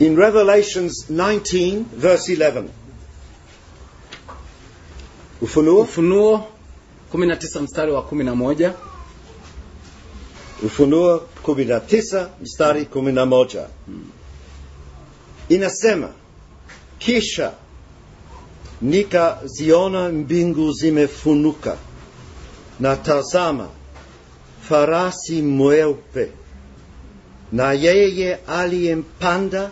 in Revelations 19, verse 11. Ufunuo, Ufunuo 19 mstari wa 11. Ufunuo 19 mstari 11 inasema, kisha nikaziona mbingu zimefunuka na tazama, farasi mweupe, na yeye aliyempanda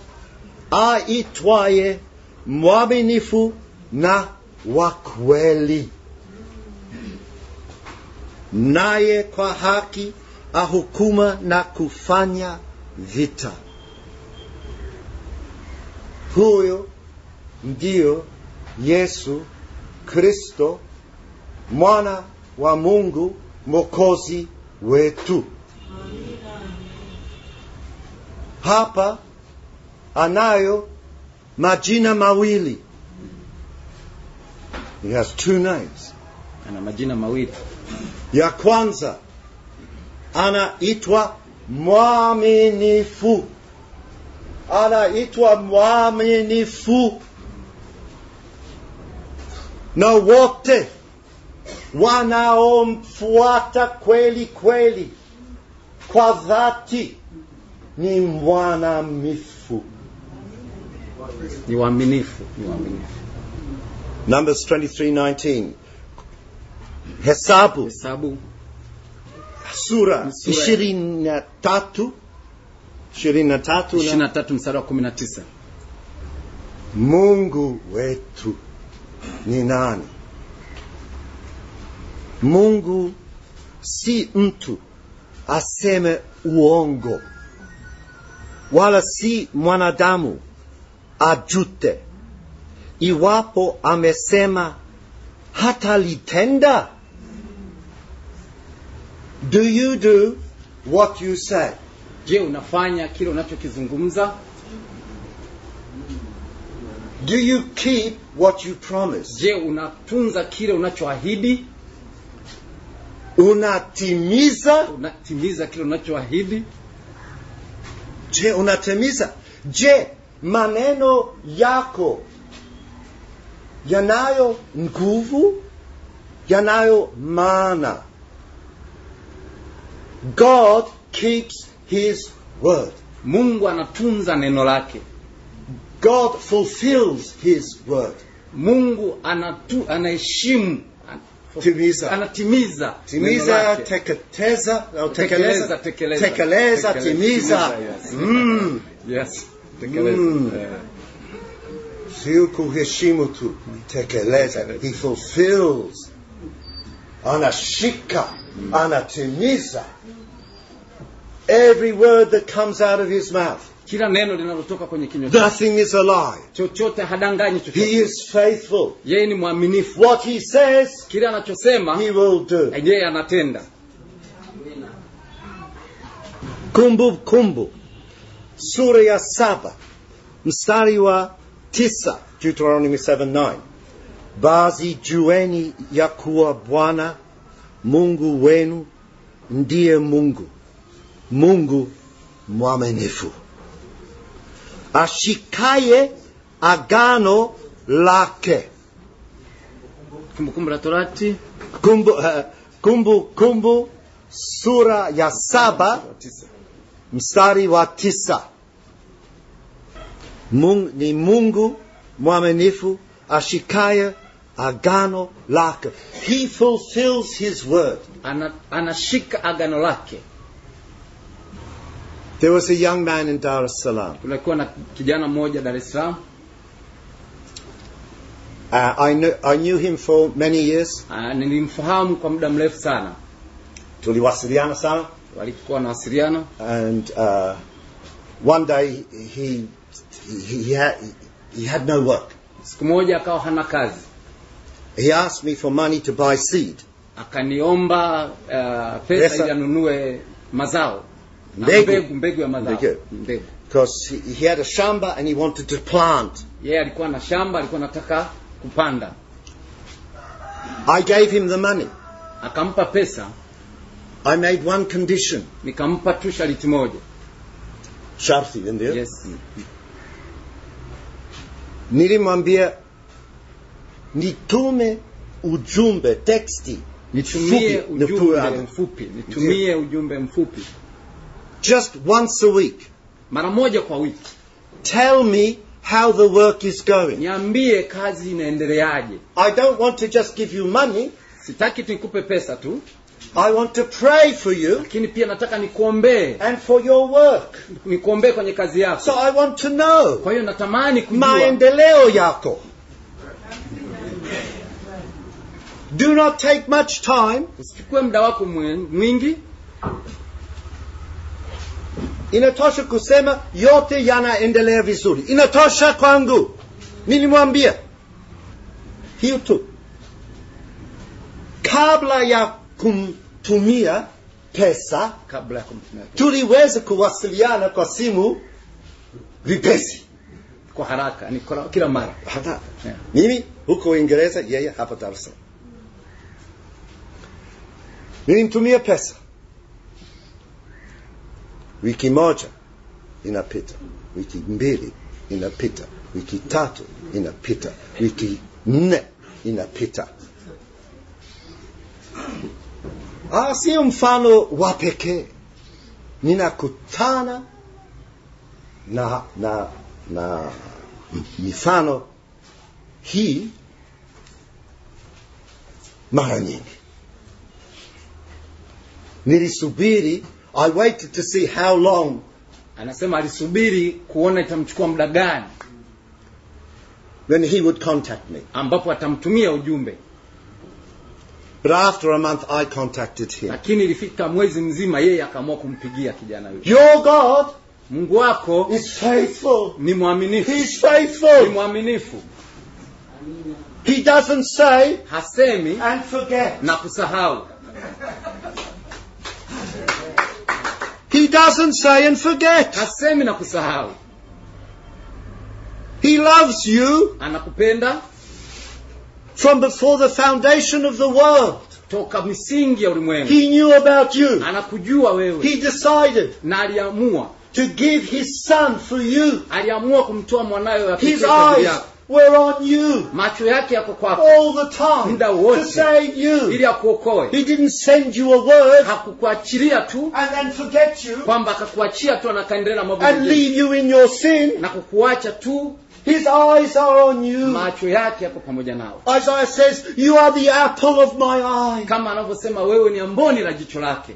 aitwaye mwaminifu na wa kweli, naye kwa haki ahukuma na kufanya vita. Huyo ndiyo Yesu Kristo, mwana wa Mungu, Mwokozi wetu. Hapa anayo majina mawili. He has two names. Ana majina mawili. Ya kwanza anaitwa mwaminifu, anaitwa mwaminifu na wote wanaomfuata kweli kweli kwa dhati ni mwanamifu ni waaminifu ni waaminifu numbers 23:19 hesabu hesabu sura 23 na mstari wa 19 mungu wetu ni nani mungu si mtu aseme uongo wala si mwanadamu ajute. Iwapo amesema hatalitenda. Do you do what you say? Je, unafanya kile unachokizungumza? Do you keep what you promise? Je, unatunza kile unachoahidi? Unatimiza? Unatimiza kile unachoahidi? Je, unatimiza? Je, maneno yako yanayo nguvu, yanayo maana. God keeps his word. Mungu anatunza neno lake. God fulfills his word. Mungu anatu, anaheshimu timiza, anatimiza, timiza, teketeza, tekeleza, tekeleza, tekeleza, timiza. Yes. Mm. yes tekeleza mm. yeah. Heshimotu, tekeleza. He fulfills, anashika, mm. anatimiza every word that comes out of his mouth. Kila neno linalotoka kwenye kinywa Nothing is a lie. Chochote hadanganyi chochote. He is faithful. Yeye ni mwaminifu. What he says, anachosema, he will do. Yeye anatenda. kumbu sura ya saba mstari wa tisa Deuteronomy 7:9 basi jueni ya kuwa Bwana Mungu wenu ndiye Mungu, Mungu mwaminifu ashikaye agano lake. Kumbukumbu la Torati, kumbu, uh, kumbu, kumbu sura ya saba mstari wa tisa ni Mungu mwaminifu ashikaye agano lake. He fulfills his word. anashika agano lake. There was a young man in Dar es Salaam. Kulikuwa na kijana mmoja Dar es Salaam. Uh, I, knew, I knew him for many years. Uh, kwa muda mrefu sana. Tuliwasiliana sana. Walikuwa And uh, one day he he, he, he had no work. Siku moja akawa hana kazi. He asked me for money to buy seed. Akaniomba uh, pesa ili anunue mazao. mbegu, mbegu ya mazao. Mbegu. Because he, he had a shamba and he wanted to plant. Yeye yeah, alikuwa na shamba, alikuwa anataka kupanda. I gave him the money. Akampa pesa. I made one condition. Nikampa tu sharti moja. Sharti, ndio? Yes nilimwambia nitume ujumbe teksti nitumie ujumbe mfupi, nitumie ujumbe mfupi just once a week, mara moja kwa wiki. Tell me how the work is going. Niambie kazi inaendeleaje. I don't want to just give you money. Sitaki tu nikupe pesa tu. I want to pray for you. Lakini pia nataka nikuombee. And for your work. Nikuombee kwenye kazi yako. So I want to know. Kwa hiyo natamani kujua. Maendeleo yako. Do not take much time. Usichukue muda wako mwingi. Inatosha kusema yote yanaendelea vizuri. Inatosha kwangu. Nilimwambia. Hiyo tu. Kabla ya kumtumia pesa kabla ya kumtumia pesa. Tuliweza kuwasiliana kwa simu vipesi kwa haraka, ni kwa kila mara haraka. Yeah. Mimi huko Uingereza, yeye hapa Dar es Salaam. Nilimtumia pesa, wiki moja inapita, wiki mbili inapita, wiki tatu inapita, wiki nne inapita Ah, sio mfano wa pekee. Ninakutana na, na, na mifano hii mara nyingi. Nilisubiri, I waited to see how long. Anasema alisubiri kuona itamchukua muda gani when he would contact me, ambapo atamtumia ujumbe. But after a month I contacted him. Lakini ilifika mwezi mzima yeye akaamua kumpigia kijana yule. Your God Mungu wako is faithful. Ni mwaminifu. He is faithful. Ni mwaminifu. He doesn't say hasemi and forget. Na kusahau. He doesn't say and forget. Hasemi na kusahau. He loves you. Anakupenda. From before the foundation of the world. Toka misingi ya ulimwengu. He knew about you. Anakujua wewe. He decided. Na aliamua. To give his son for you. Aliamua kumtoa mwanawe We're on you. Macho yake yako kwako. All the time. Muda wote. To save you. Ili akuokoe. He didn't send you a word. Hakukuachilia tu. And then forget you. Kwamba akakuachia tu na na mambo And leave you in your sin. Na kukuacha tu His eyes are on you. Macho yake yako pamoja nawe. Isaiah says, you are the apple of my eye. Kama anavyosema wewe ni amboni la jicho lake.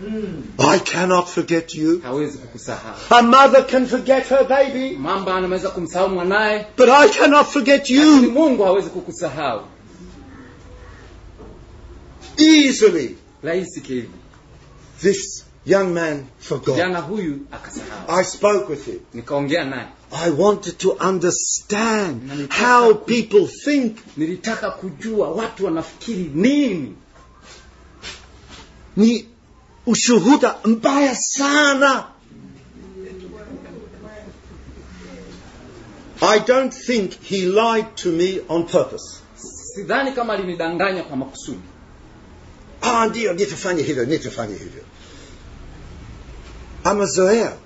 Hmm. I cannot forget you. A mother can forget her baby. But I cannot forget you. Easily. This Young man forgot. I spoke with him. I wanted to understand how people think. kujua watu wanafikiri nini. Ni ushuhuda mbaya sana. I don't think he lied to me on purpose. Sidhani kama alinidanganya kwa makusudi. Ah, ndio nitafanya hivyo, nitafanya hivyo ama zoea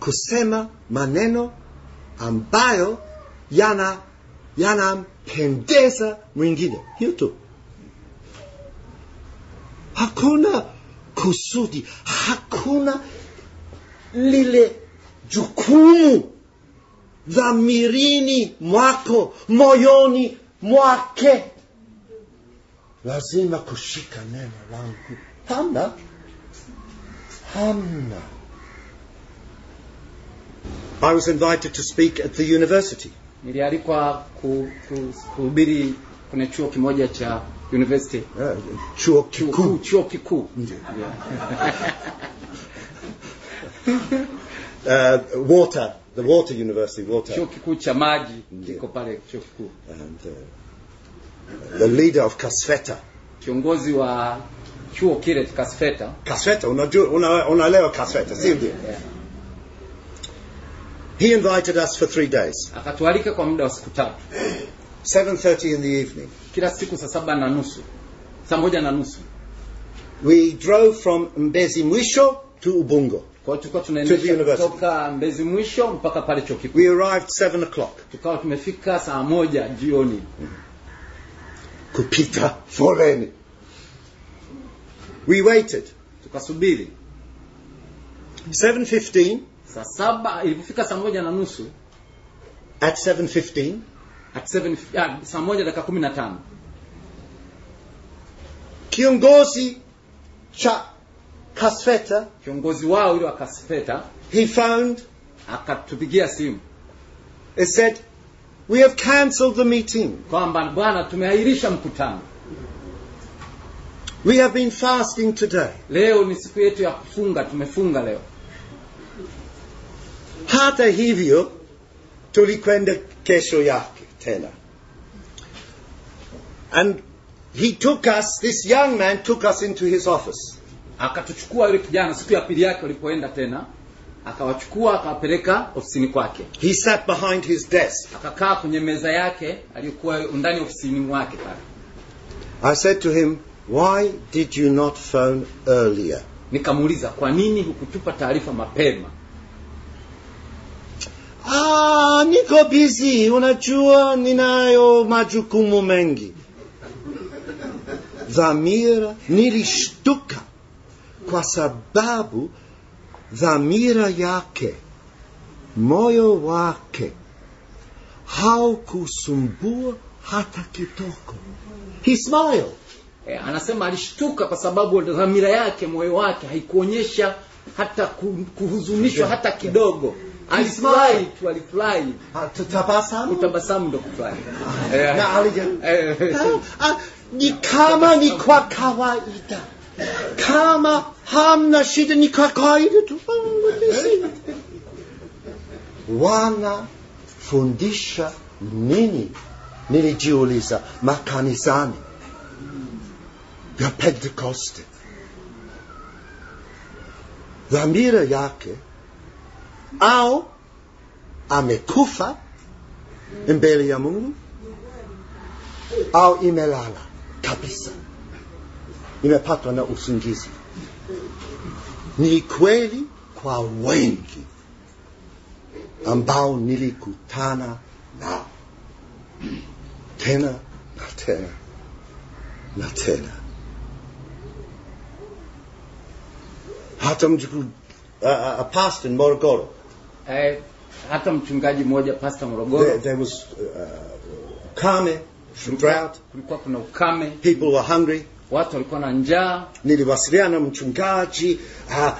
kusema maneno ambayo yana yanampendeza mwingine. Hiyo tu, hakuna kusudi, hakuna lile jukumu dhamirini mwako, moyoni mwake, lazima kushika neno langu. Hamna. Hannah. Um, I was invited to speak at the university. Nilialikwa kuhubiri kwenye chuo kimoja cha university. Uh, chuo kikuu. Chuo kikuu. Uh, water, the water university, water. Chuo kikuu cha maji kiko pale chuo kikuu. And uh, the leader of Kasfeta. Kiongozi wa chuo kile kasfeta kasfeta unajua una, unaelewa kasfeta si ndio He invited us for three days. Akatualika kwa muda wa siku tatu. 7:30 in the evening. Kila siku saa saba na nusu. Saa moja na nusu. We drove from Mbezi Mwisho to Ubungo. Kwa tulikuwa tunaendesha kutoka Mbezi Mwisho mpaka pale chuo kikuu. We arrived 7 o'clock. Tukawa tumefika saa moja jioni. Kupita foreni We waited. Tukasubiri. 7:15. Saa saba ilipofika saa moja na nusu. At 7:15. At 7 uh, saa moja dakika 15. Kiongozi cha Kasfeta, kiongozi wao yule wa Kasfeta, he found akatupigia simu. He said, we have cancelled the meeting. Kwamba bwana tumeahirisha mkutano. We have been fasting today. Leo ni siku yetu ya kufunga, tumefunga leo. Hata hivyo tulikwenda kesho yake tena. And he took us, this young man took us into his office. Akatuchukua yule kijana siku ya pili yake walipoenda tena, akawachukua akawapeleka ofisini kwake. He sat behind his desk. Akakaa kwenye meza yake aliyokuwa ndani ofisini mwake pale. I said to him, Why did you not phone earlier? Nikamuuliza, kwa nini hukutupa taarifa mapema? Ah, niko busy, unajua ninayo majukumu mengi. Dhamira nilishtuka kwa sababu dhamira yake, moyo wake haukusumbua hata kitoko He smiled eh, anasema alishtuka kwa sababu dhamira yake moyo wake haikuonyesha hata kuhuzunishwa hata kidogo alifurahi tu alifurahi ah, tutabasamu tabasamu ndo kufurahi ah, eh. na alija eh. ah, ni kama ni kwa kawaida kama hamna shida ni kwa kawaida tu wana fundisha nini nilijiuliza makanisani ya Pentekoste. Dhamira yake au amekufa mbele ya Mungu au imelala kabisa, imepatwa na usingizi. Ni kweli kwa wengi ambao nilikutana nao tena na tena na tena. hata mjukuu uh, uh, pastor Morogoro eh, hata mchungaji mmoja pastor Morogoro there, there was uh, kame drought kulikuwa kuna ukame people were hungry watu walikuwa na njaa niliwasiliana mchungaji uh,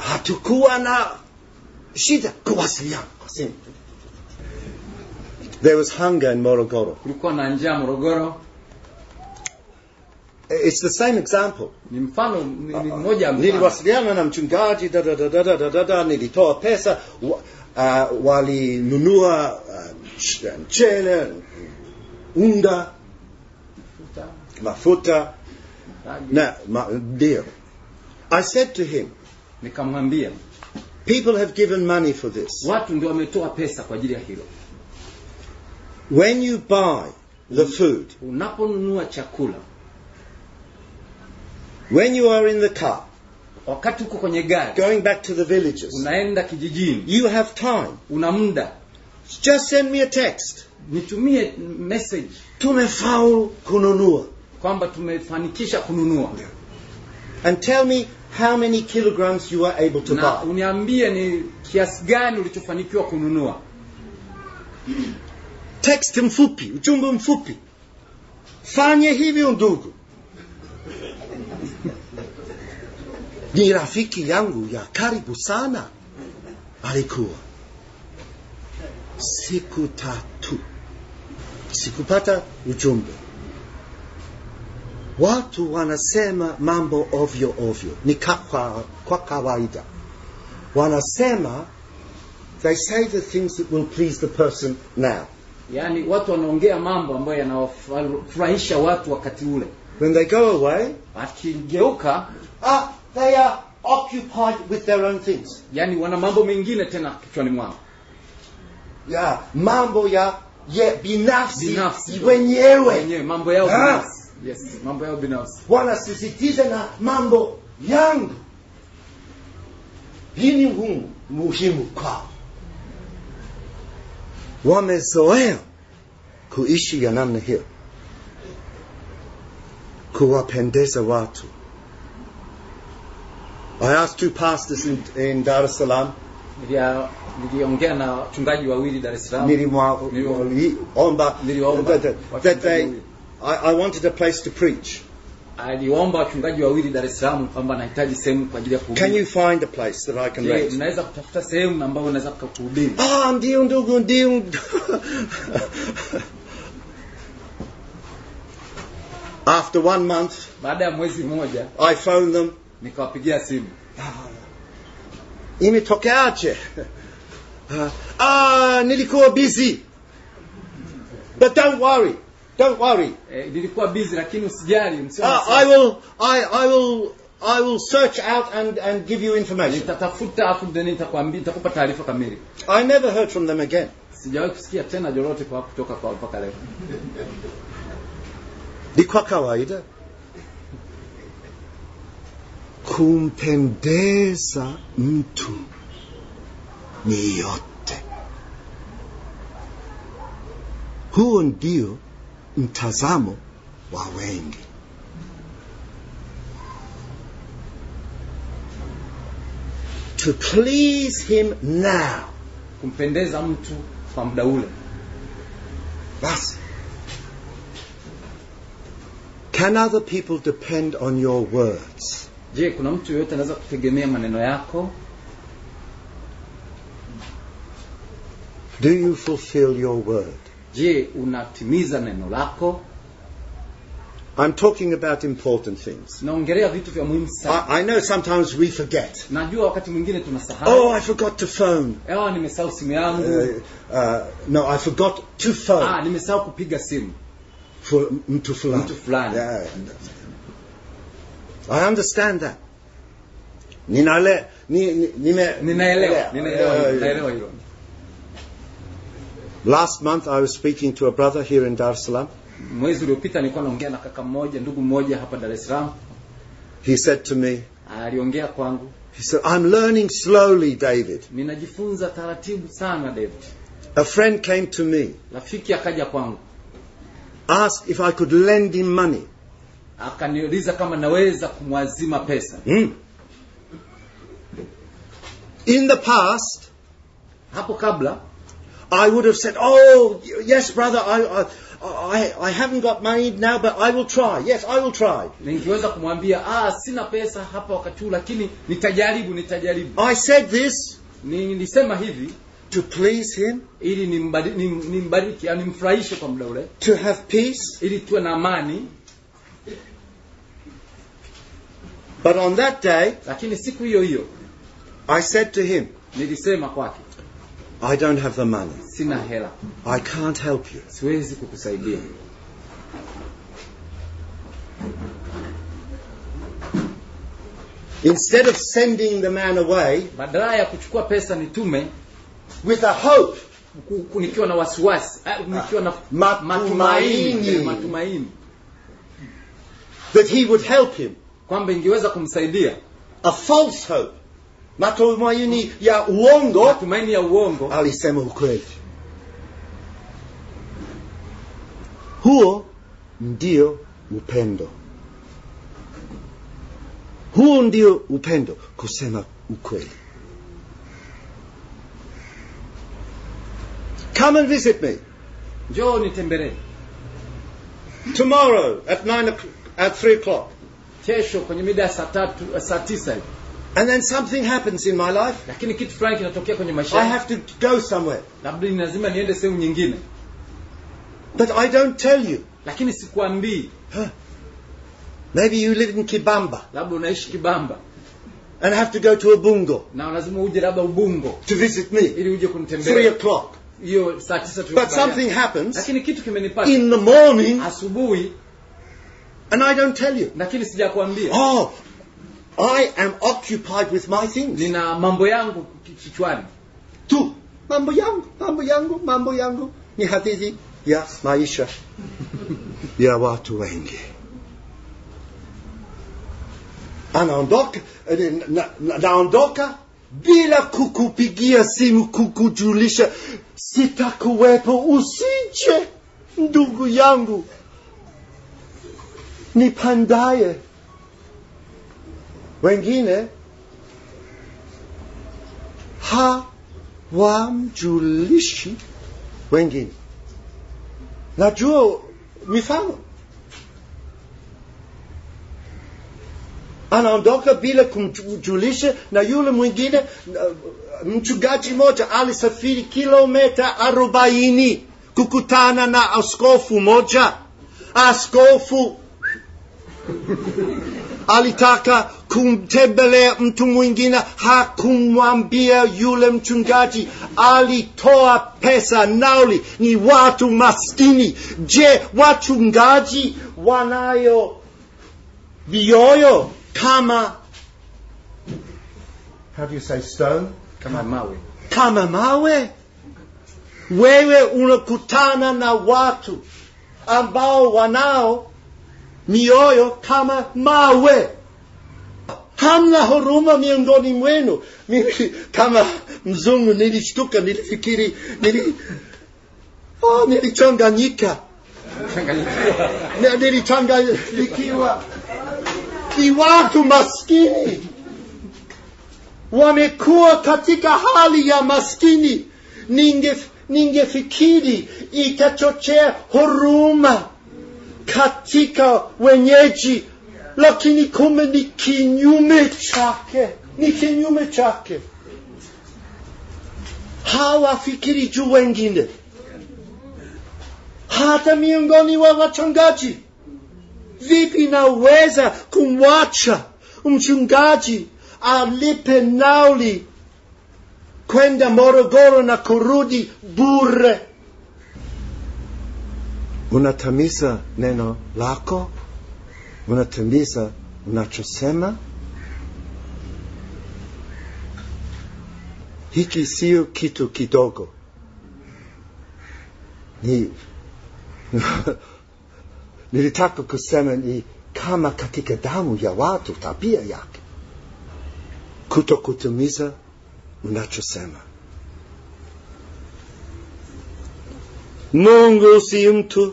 hatukuwa na shida kuwasiliana kwa simu there was hunger in Morogoro kulikuwa na njaa Morogoro It's the same example. Ni mfano uh, uh, mmoja mfano. Niliwasiliana na mchungaji da da da da da da da nilitoa pesa wa, uh, walinunua uh, unga, mafuta na ma, ndio. I said to him, nikamwambia people have given money for this. Watu ndio wametoa pesa kwa ajili ya hilo. When you buy the food, unaponunua chakula When you are in the car, wakati uko kwenye gari, going back to the villages, unaenda kijijini, you have time, una muda, just send me a text, nitumie message, tumefaulu kununua, kwamba tumefanikisha kununua, and tell me how many kilograms you are able to na buy. Uniambie ni kiasi gani ulichofanikiwa kununua. Text mfupi, ujumbe mfupi. Fanye hivyo ndugu. ni rafiki yangu ya karibu sana. Alikuwa siku tatu sikupata ujumbe. Watu wanasema mambo ovyo ovyo, ni kwa, kwa kawaida. Wanasema they say the things that will please the person now. Yani, watu wanaongea mambo ambayo yanawafurahisha watu wakati ule. When they go away, akigeuka, ah, They are occupied with their own things. Yani wana mambo mengine tena kichwani mwao. Ya, mambo ya ye binafsi, binafsi wenyewe. Wenyewe mambo yao ha? binafsi. Yes, mambo yao binafsi. Wana sisitiza na mambo yangu. Hii ni ngumu muhimu kwa. Wamezoea kuishi ya namna hiyo, kuwapendeza watu I asked two pastors in, in Dar es Salaam. Niliongea na wachungaji wawili Dar es Salaam. Niliomba that they, I, I wanted a place to preach. Aliomba wachungaji wawili Dar es Salaam kwamba nahitaji sehemu kwa ajili ya kuhubiri. Can you find a place that I can rent? Unaweza kutafuta sehemu ambayo unaweza kuhubiri. Ah, ndio ndugu, ndio. After one month, baada ya mwezi mmoja, I phoned them nikawapigia simu imetokeaje? Ah, ah, nilikuwa busy. But don't worry. Don't worry. Eh, nilikuwa busy lakini usijali, ah, I will I I will I will search out and and give you information. Nitatafuta afu ndio nitakwambia nitakupa taarifa kamili. I never heard from them again. Sijawahi kusikia tena jorote kwa kutoka kwa mpaka leo. Ni kwa kawaida. kumpendeza mtu ni yote. Huo ndio mtazamo wa wengi. To please him now, kumpendeza mtu kwa muda ule. Basi, can other people depend on your words? je kuna mtu yoyote anaweza kutegemea maneno yako do you fulfill your word je unatimiza neno lako I'm talking about important things. I, I, know sometimes we forget. Oh, I forgot to phone. Uh, uh, no, I forgot to phone. Ah, For, mtu fulani. Yeah. I understand that. ni, Last month I was speaking to a brother here in Dar es Salaam. Mwezi uliopita nilikuwa naongea na kaka mmoja, ndugu mmoja hapa Dar es Salaam. He said to me, aliongea kwangu. He said, I'm learning slowly, David. Ninajifunza taratibu sana, David. A friend came to me. Rafiki akaja kwangu. Asked if I could lend him money. akaniuliza kama naweza kumwazima pesa mm. in the past hapo kabla i would have said oh yes brother i, I I, I haven't got married now but I will try. Yes, I will try. Ningeweza kumwambia ah sina pesa hapa wakati huu lakini nitajaribu nitajaribu. I said this nilisema hivi to please him ili nimbariki nimfurahishe kwa muda ule. To have peace ili tuwe na amani But on that day, lakini siku hiyo hiyo, I said to him, nilisema kwake, I don't have the money. Sina hela. I can't help you. Siwezi kukusaidia. Instead of sending the man away, badala ya kuchukua pesa nitume with a hope, nikiwa na wasiwasi, eh, nikiwa na matumaini, matumaini that he would help him. kwamba ingeweza kumsaidia a false hope matumaini ya uongo matumaini ya uongo alisema ukweli huo ndio upendo huo ndio upendo kusema ukweli come and visit me njoo nitembelee tomorrow at, nine, at 3 o'clock kesho kwenye mida ya saa tatu eh, saa tisa hivi And then something happens in my life. Lakini kitu fulani kinatokea kwenye maisha. I have to go somewhere. Labda ni lazima niende sehemu nyingine. But I don't tell you. Lakini sikuambii. Huh. Maybe you live in Kibamba. Labda unaishi Kibamba. And have to go to Ubungo. Na lazima uje labda Ubungo. To visit me. Ili uje kunitembelea. 3 o'clock. Hiyo saa 9 But something happens. Lakini kitu kimenipata. In the morning. Asubuhi. And I don't tell you. Lakini sijakwambia. Oh, I am occupied with my things. Nina mambo yangu kichwani. Tu, mambo yangu, mambo yangu, mambo yangu. Ni hadithi ya maisha ya watu wengi. Anaondoka, eh, naondoka bila kukupigia simu kukujulisha sitakuwepo, usije ndugu yangu nipandaye. Wengine hawamjulishi wengine. Najua mifano, anaondoka bila kumjulisha, na yule mwingine, mchungaji moja alisafiri kilometa arobaini kukutana na askofu moja, askofu alitaka kumtembelea mtu mwingine, hakumwambia yule mchungaji, alitoa pesa nauli. Ni watu maskini. Je, wachungaji wanayo vioyo kama How do you say stone? Kama mawe. Kama mawe. Wewe unakutana na watu ambao wanao mioyo kama mawe hamna huruma miongoni mwenu. Mimi kama mzungu nilishtuka, nilifikiri nili oh, nilichanganyika nilichanganyikiwa. Ni watu maskini wamekuwa katika hali ya maskini, ningefikiri ninge itachochea huruma katika wenyeji, lakini kumbe ni kinyume chake, ni kinyume chake. Hawafikiri juu wengine, hata miongoni wa wachungaji. Vipi naweza kumwacha mchungaji alipe nauli kwenda Morogoro na kurudi bure? unatamisa neno lako, unatamisa unachosema. Hiki sio kitu kidogo, ni nilitaka kusema ni kama katika damu ya watu, tabia yake kuto kutumiza unachosema. Mungu si mtu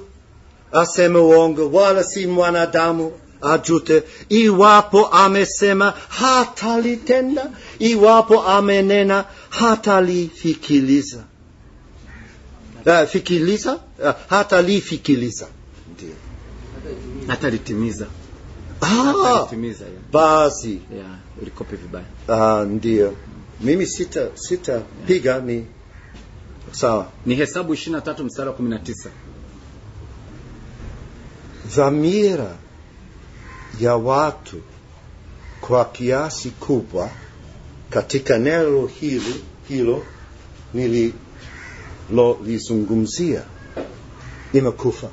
asema uongo, wala si mwanadamu ajute. Iwapo amesema hatalitenda, iwapo amenena hatalifikiliza uh, fikiliza uh, hatalifikiliza hatalitimiza Ah, basi yeah, ulikopi vibaya. Ah, ndio mimi sita, sita yeah. Piga ni sawa, ni Hesabu ishiri na tatu mstari wa kumi na tisa dhamira ya watu kwa kiasi kubwa katika neno hili hilo nililolizungumzia imekufa.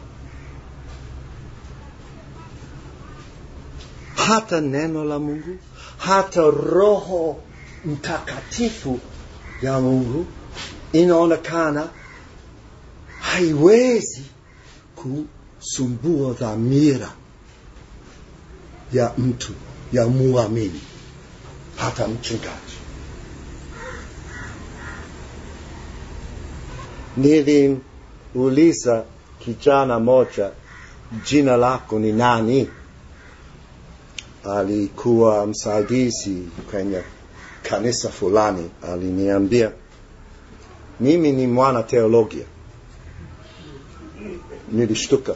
Hata neno la Mungu, hata Roho Mtakatifu ya Mungu inaonekana haiwezi sumbuo dhamira ya mtu ya muamini hata mchungaji niliuliza kijana moja jina lako ni nani alikuwa msaidizi kwenye kanisa fulani aliniambia mimi ni mwana teologia nilishtuka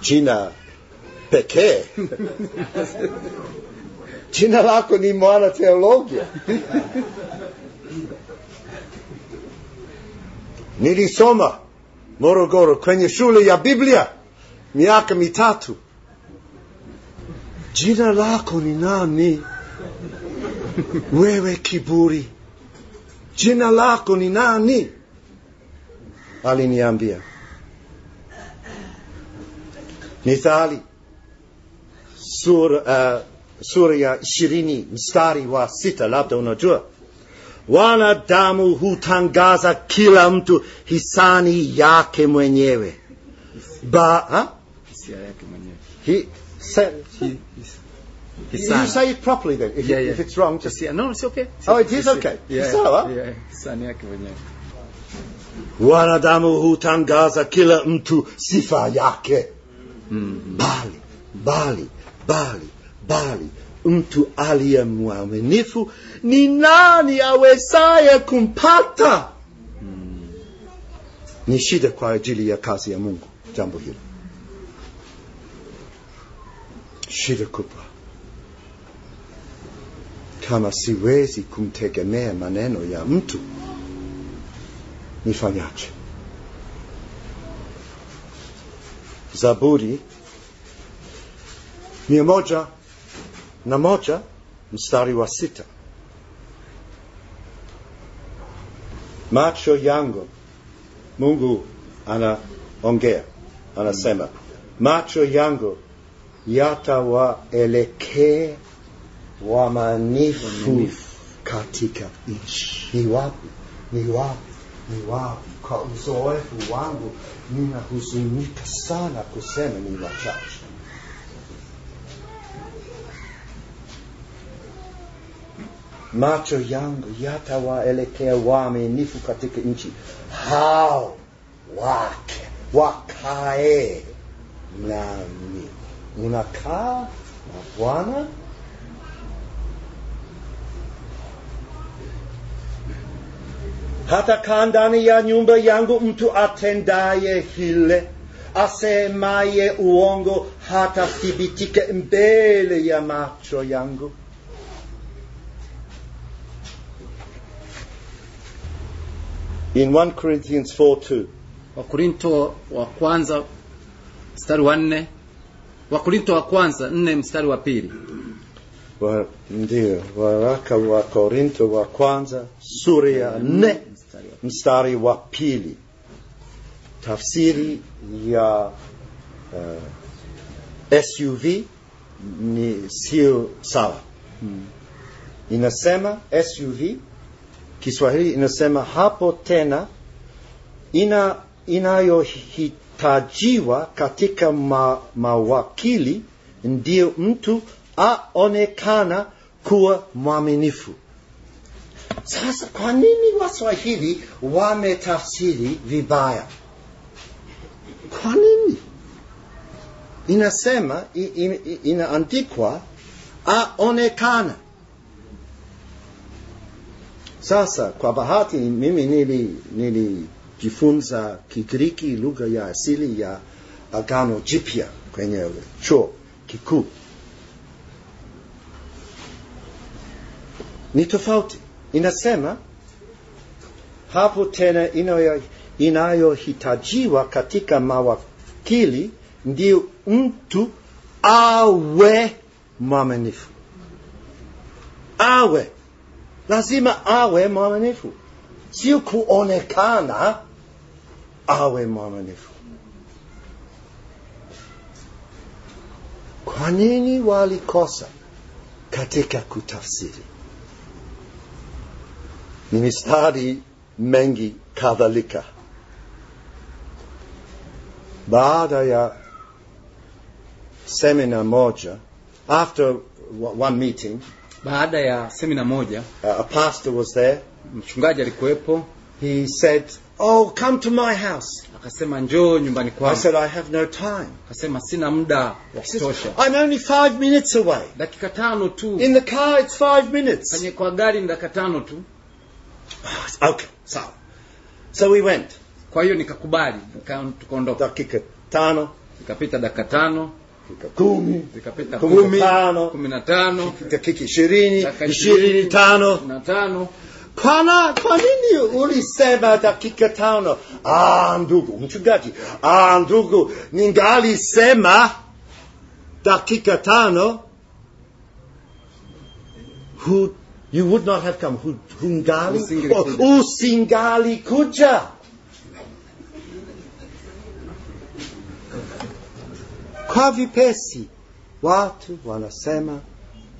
jina pekee jina lako ni mwana teologia nilisoma morogoro kwenye shule ya biblia miaka mitatu jina lako ni nani wewe kiburi jina lako ni nani aliniambia Mithali sur uh, eh, sura ya ishirini mstari wa sita labda unajua wanadamu hutangaza kila mtu hisani yake mwenyewe ba ha? hisia yake mwenyewe He, se, You say it properly then. If, yeah, yeah. if it's wrong, just yeah. no, it's okay. It's oh, it is okay. Yeah, Yeah, hisani yake mwenyewe. Wanadamu hutangaza kila mtu sifa yake mbali mbali mbali mbali mtu aliye mwaminifu ni nani awezaye kumpata ni shida kwa ajili ya kazi ya mungu jambo hilo shida kubwa kama siwezi kumtegemea maneno ya mtu nifanyaje Zaburi mia moja na moja mstari wa sita macho yangu Mungu anaongea anasema macho yangu yatawaelekee wamanifu katika nchi. Ni wapi? Ni wapi? Ni wapi? Kwa uzoefu wangu ninahuzunika sana kusema ni wachache macho yangu yatawaelekea waaminifu katika nchi hao wake wakae nami unakaa na bwana kaa ndani ya nyumba yangu mtu atendaye hile, asemaye uongo, hata hatathibitika mbele ya macho yangu. In 1 Corinthians 4:2. Wakorinto wa kwanza mstari wa Wakorinto wa kwanza nne mstari wa pili wa, ndio waraka wa Korinto wa kwanza sura ya nne mstari wa pili tafsiri ya uh, eh, SUV ni sio sawa hmm. inasema SUV Kiswahili inasema hapo tena ina inayohitajiwa katika ma, mawakili ndio mtu aonekana kuwa mwaminifu. Sasa kwa nini Waswahili wametafsiri vibaya? Kwa nini? Inasema, inaandikwa aonekana. Sasa kwa bahati mimi nilijifunza nili Kigiriki, lugha ya asili ya Agano Jipya kwenye chuo kikuu ni tofauti. Inasema hapo tena inayohitajiwa katika mawakili ndio mtu awe mwaminifu, awe lazima awe mwaminifu, sio kuonekana awe mwaminifu. Kwa nini walikosa katika kutafsiri? Nimistari mengi kadhalika. Baada ya semina moja, after one meeting, baada ya semina moja, a pastor was there. Mchungaji alikuwepo. He said, "Oh, come to my house." Akasema njoo nyumbani kwangu. I said, "I have no time." Akasema sina muda wa kutosha. I'm only five minutes away. Dakika tano tu. In the car it's five minutes. Kwenye kwa gari ni dakika tano tu. Okay, sawa. So we went. Kwa hiyo nikakubali, tukaondoka. Dakika tano ikapita, dakika tano dakika dakika Pana, kwa nini ulisema dakika tano? Ah, ndugu mchungaji, ah, ndugu ningali sema dakika tano hu, You would not have come Hungali or Usingali Kuja. Kavi vipesi watu wanasema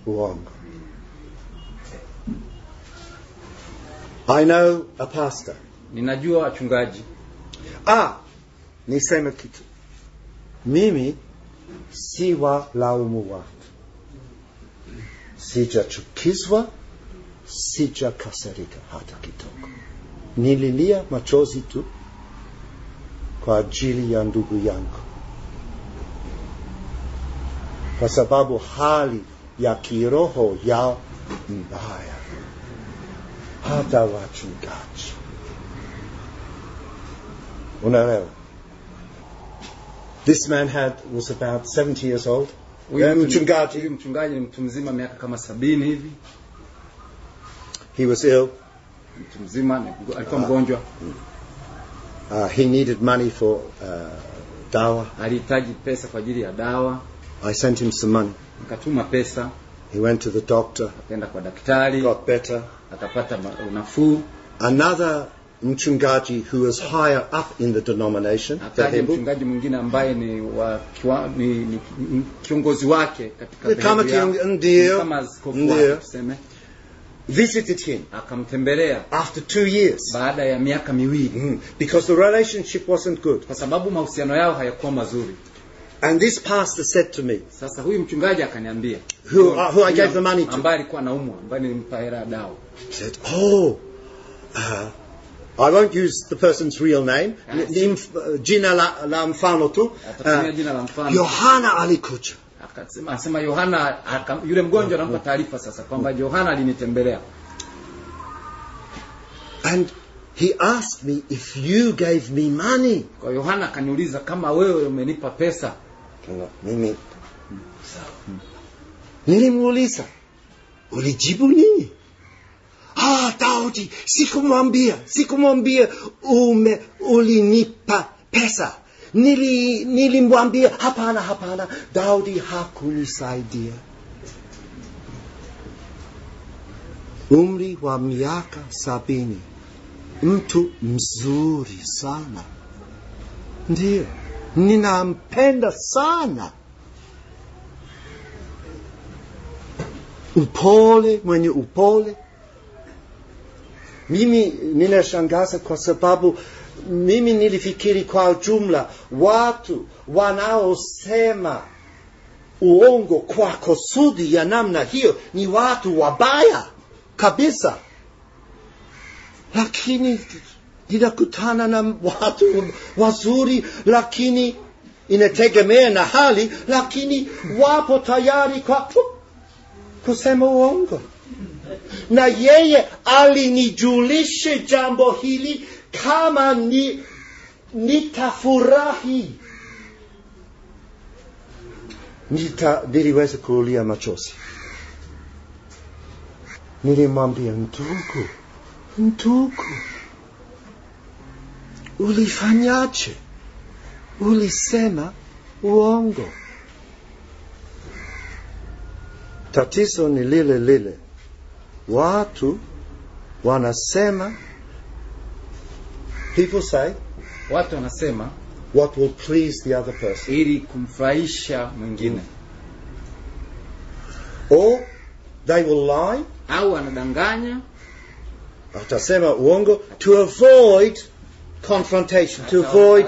uongo. I know a pastor. Ninajua chungaji. Ah, niseme kitu. Mimi siwa siwalaumu watu. Sijachukizwa sijakasirika hata kidogo, nililia machozi tu kwa ajili ya ndugu yangu, kwa sababu hali ya kiroho yao mbaya, hata wachungaji. Unaelewa? This man had was about 70 years old. mchungaji mchungaji ni mtu mzima miaka kama sabini hivi. He was ill. Mtu mzima alikuwa mgonjwa. Uh, he needed money for uh, dawa. Alihitaji pesa kwa ajili ya dawa. I sent him some money. Nikatuma pesa. He went to the doctor. Akaenda kwa daktari. Got better. Akapata unafuu. Another mchungaji who was higher up in the denomination. Akaja mchungaji mwingine ambaye ni, wa, kiwa, ni, ni, ni kiongozi wake katika kama kiong, ndio, kama askofu tuseme visited him after two years mm. because the relationship wasn't good And this pastor said to me, sasa huyu mchungaji akaniambia who, uh, who I gave the money to, alikuwa anaumwa, said, oh, uh, I won't use the person's real name, Ni- ni- uh, uh, jina la, mfano tu, Yohana alikuja akasema asema Yohana aka, yule mgonjwa anampa taarifa sasa kwamba Yohana alinitembelea. And he asked me if you gave me money. Kwa Yohana akaniuliza kama wewe umenipa pesa. mimi Nilimuuliza, ulijibu nini? Ah, Daudi, sikumwambia, sikumwambia ume ulinipa pesa. Nili, nilimwambia hapana, hapana, Daudi hakunisaidia. Umri wa miaka sabini, mtu mzuri sana, ndiyo ninampenda sana, upole, mwenye upole. Mimi ninashangaza kwa sababu mimi nilifikiri kwa jumla watu wanaosema uongo kwa kusudi ya namna hiyo ni watu wabaya kabisa, lakini inakutana na watu wazuri, lakini inategemea na hali, lakini wapo tayari kwa kusema uongo. Na yeye alinijulishe jambo hili kama ni nitafurahi nita niliweza kulia machozi. Nilimwambia ntuku ntuku ulifanyache Ulisema uongo. Tatizo ni lile lile, watu wanasema People say, watu wanasema what will please the other person. Ili kumfurahisha mwingine. Or they will lie. Au anadanganya. Atasema uongo to avoid confrontation, to avoid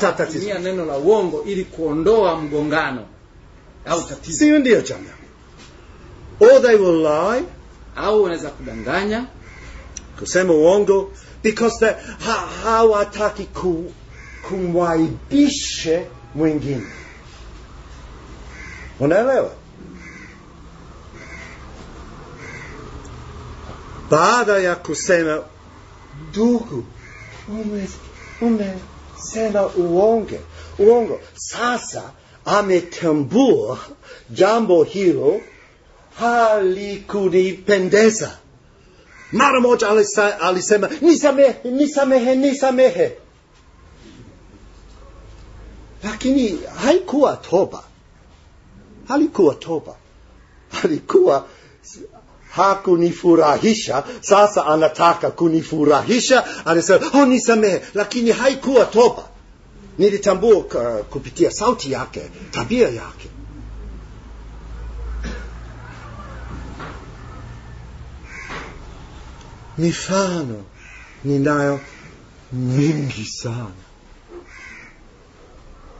tatatizo neno la uongo ili kuondoa mgongano au tatizo. Sio ndio jamaa? Or they will lie. Au wanaweza kudanganya. Kusema uongo because the, ha, hawataki ku, kumwaibishe mwingine. Unaelewa? Baada ya kusema dugu umesema ume uongo, uongo. Sasa ametambua jambo hilo halikunipendeza mara moja alisema nisamehe, nisamehe, nisamehe, lakini haikuwa toba, alikuwa toba, alikuwa hakunifurahisha, sasa anataka kunifurahisha, anasema oh, nisamehe, lakini haikuwa toba. Nilitambua uh, kupitia sauti yake, tabia yake mi fano, ni dajo mingi sana.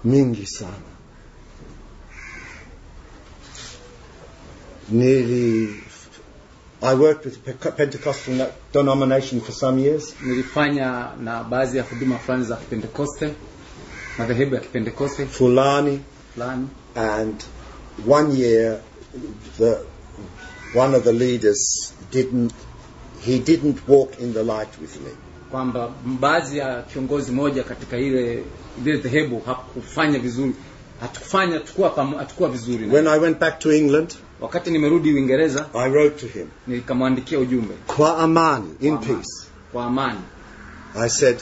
Mingi sana. Nearly, I worked with the Pentecostal denomination for some years. Nilifanya na baadhi ya huduma fulani za madhehebu ya Fulani. Fulani. And one year, the, one of the leaders didn't he didn't walk in the light with me kwamba baadhi ya kiongozi moja katika ile ile dhehebu hakufanya vizuri hatukufanya hatukuwa hatukuwa vizuri when i went back to england wakati nimerudi uingereza i wrote to him nikamwandikia ujumbe kwa amani in kwa peace kwa amani i said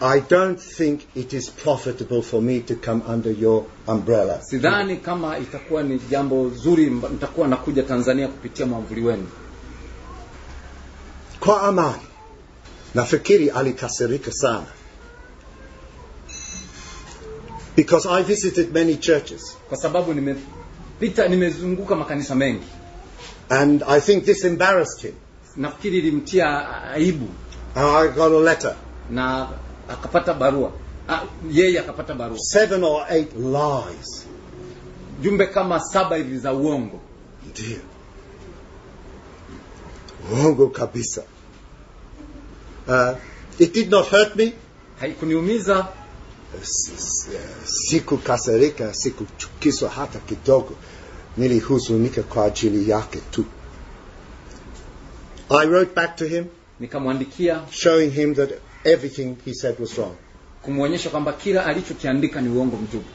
I don't think it is profitable for me to come under your umbrella. Sidhani kama itakuwa ni jambo zuri nitakuwa nakuja Tanzania kupitia mwamvuli wenu kwa amani. Nafikiri alikasirika sana. Because I visited many churches. Kwa sababu nimepita nimezunguka makanisa mengi. And I think this embarrassed him. Nafikiri ilimtia aibu. Uh, I got a letter. Na akapata barua. Ah, yeye akapata barua. Seven or eight lies. Jumbe kama saba hivi za uongo. Ndio. Uongo kabisa. Uh, it did not hurt me. Haikuniumiza. Siku siku sikukiswa hata kidogo. Nilihuzunika kwa ajili yake tu. I wrote back to him, nikamwandikia showing him that everything he said was wrong. Kumwonyesha kwamba kila alichokiandika ni uongo mtupu.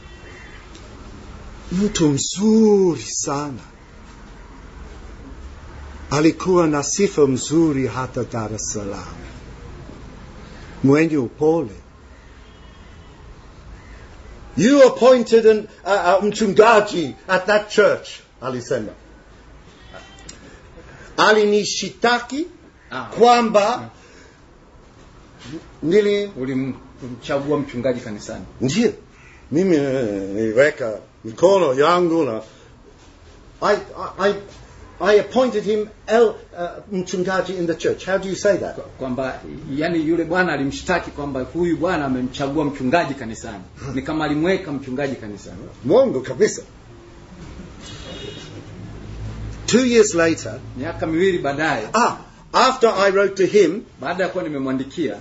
Mtu mzuri sana, alikuwa na sifa mzuri hata Dar es Salaam mwenye upole. You appointed an, uh, uh, mchungaji at that church, alisema. Alinishitaki ah, kwamba nili ulimchagua mchungaji kanisani. Ndio mimi eh, niweka mikono yangu na I, I, I I appointed him el, uh, mchungaji in the church. How do you say that? Kwamba yani yule bwana alimshtaki kwamba huyu bwana amemchagua mchungaji kanisani. Ni kama alimweka mchungaji kanisani. Mwongo kabisa. Two years later, miaka miwili baadaye. Ah, after I wrote to him, baada ya kuwa nimemwandikia,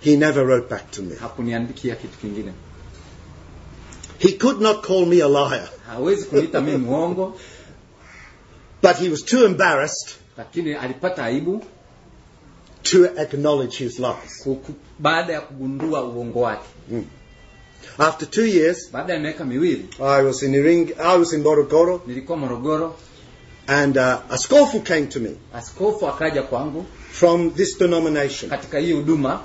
he never wrote back to me. Hakuniandikia kitu kingine. He could not call me a liar. Hawezi kuniita mimi mwongo. But he was too embarrassed lakini alipata aibu to acknowledge his lies. baada ya kugundua uongo wake. Mm. After two years, baada ya miaka miwili, I was in Iring, I was in Morogoro. Nilikuwa Morogoro. And uh, askofu came to me. Askofu akaja kwangu from this denomination. Katika hii huduma.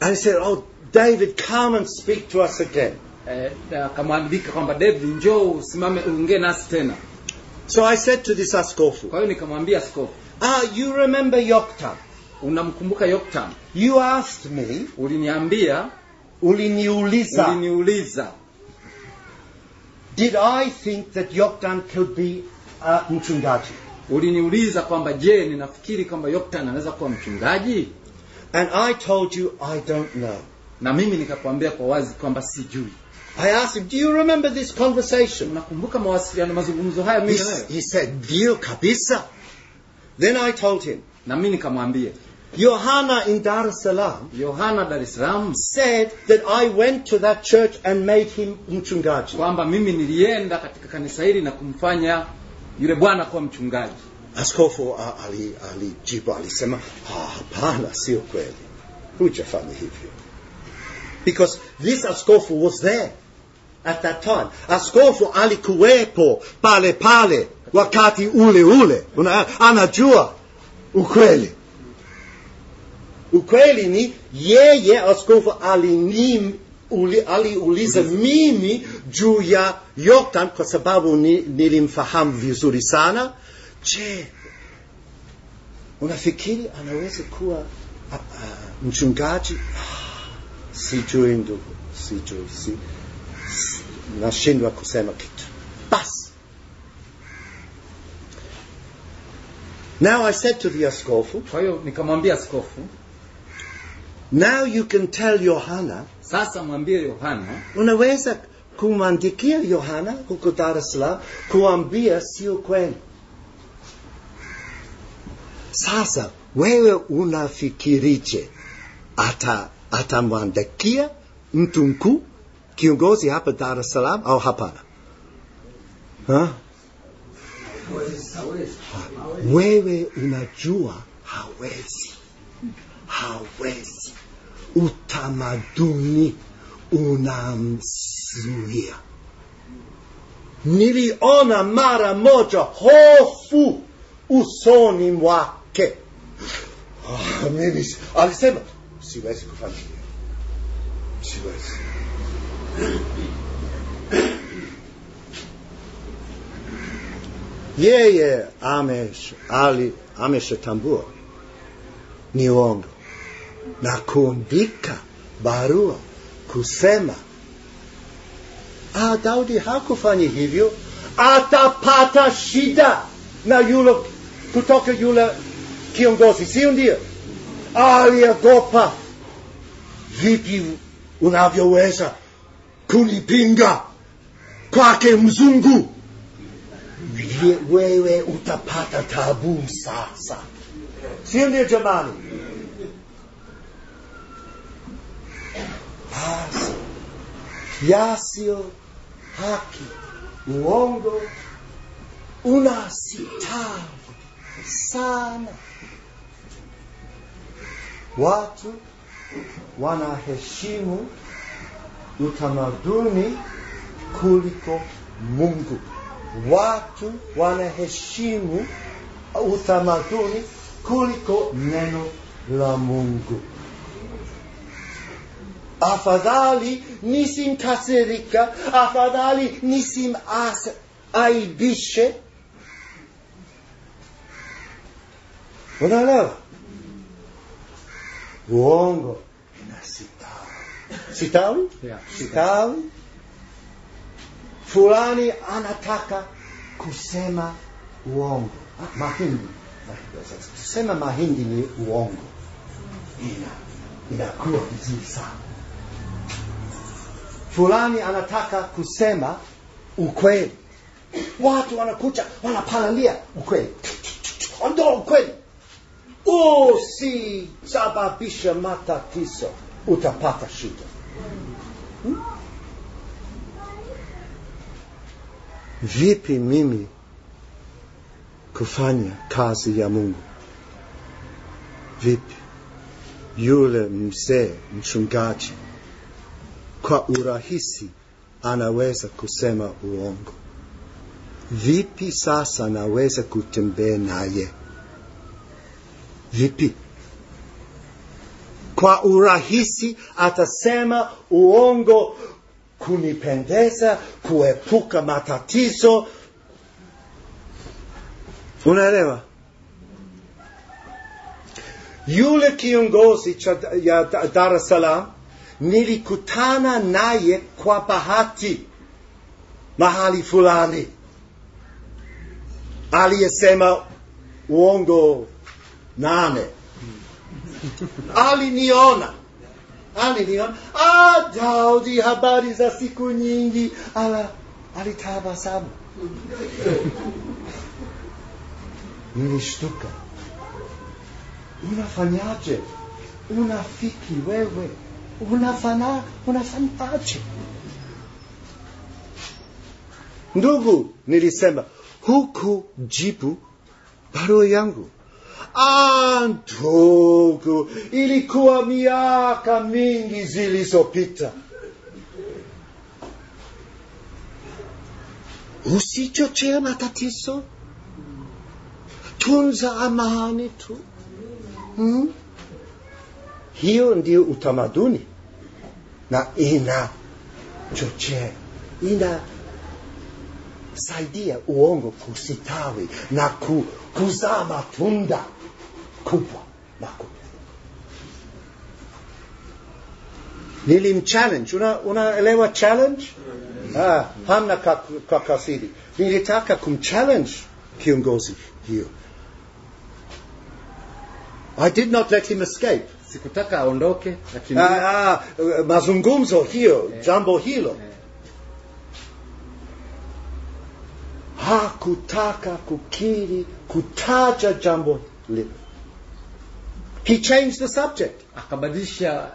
And he said, "Oh David, come and speak to us again." Eh, akamwandika kwamba David, njoo usimame uongee nasi tena. So I said to this askofu. Kwa nikamwambia askofu. Ah, you remember Yoktan. Unamkumbuka Yoktan. You asked me. Uliniambia. Uliniuliza. Uliniuliza. Did I think that Yoktan could be uh, mchungaji? Uliniuliza kwamba je, ninafikiri kwamba Yoktan anaweza kuwa mchungaji? And I told you I don't know. Na mimi nikakwambia kwa wazi kwamba sijui. I asked him, do you remember this conversation? Unakumbuka mawasiliano mazungumzo haya mimi nayo? He said, ndio kabisa. Then I told him, na in Dar es Salaam, said that I went to that church and made him mchungaji. Askofu alijibu ali, alisema, hapana, sio kweli, hujafanya hivyo because this askofu was there at that time. Askofu alikuwepo pale pale wakati ule ule, Una, anajua ukweli. Ukweli ni yeye, askofu aliuliza uli, ali mimi juu ya Yoktan kwa sababu ni, nilimfahamu vizuri sana. Je, unafikiri anaweza kuwa uh, mchungaji? Ah, Sijui ndugu, sijui, sijui nashindwa kusema kitu. Basi. Now I said to the askofu, kwa hiyo nikamwambia askofu, now you can tell Yohana, sasa mwambie Yohana, unaweza kumwandikia Yohana huko Dar es Salaam kuambia sio kweli. Sasa wewe unafikirije atamwandikia ata mtu mkuu Kiongozi hapa Dar es Salaam au hapana? Ha? Wewe unajua hawezi, hawezi. Utamaduni unamzuia. Niliona mara moja hofu usoni mwake. Oh, mimi alisema siwezi kufanya, siwezi yeye je Ameš, ali Ameš je tambua. Ni ongo. Na kuandika barua kusema, ah, Daudi A hivyo, atapata shida na yule kutoka yule dio. Ali je gopa Vipi unavyoweza kulipinga kwake mzungu wewe utapata tabu sasa sio ndio jamani basi yasio haki uongo unasitavu sana watu wanaheshimu utamaduni kuliko Mungu. Watu wanaheshimu utamaduni kuliko neno la Mungu. Afadhali nisimkasirika, afadhali aibishe Unaelewa? Uongo. Sitawi? Yeah, sitawi. Fulani anataka kusema uongo. Ah, mahindi. Kusema mahindi ni uongo. Ina inakuwa vizuri sana. Fulani anataka kusema ukweli. Watu wanakucha, wanapalalia ukweli. Ondoa ukweli. Usisababisha matatizo utapata shida hmm? vipi mimi kufanya kazi ya Mungu? Vipi yule mzee mchungaji kwa urahisi anaweza kusema uongo? Vipi sasa naweza kutembea naye? Vipi? kwa urahisi atasema uongo kunipendeza, kuepuka matatizo. Unaelewa? Yule kiongozi ya Dar es Salaam nilikutana naye kwa bahati mahali fulani, aliyesema uongo nane aliniona ona a ah, daudi habari za siku nyingi ala alitabasamu nilishtuka unafanyaje unafiki wewe unafana unafanyaje ndugu nilisema huku jibu barua yangu Ndugu, ilikuwa miaka mingi zilizopita. usichochea matatizo, tunza amani tu. Hmm? Hiyo ndio utamaduni na ina ina inasaidia uongo kusitawi na kuzaa matunda kubwa lako. Nilimchallenge. Unaelewa una challenge? Mm-hmm. Ah, hamna kwa kakasidi. Nilitaka kumchallenge kiongozi hiyo. I did not let him escape. Sikutaka aondoke. Ah, ah, mazungumzo hiyo, yeah. jambo hilo yeah. hakutaka kukiri kutaja jambo lile. He changed the subject. Akabadilisha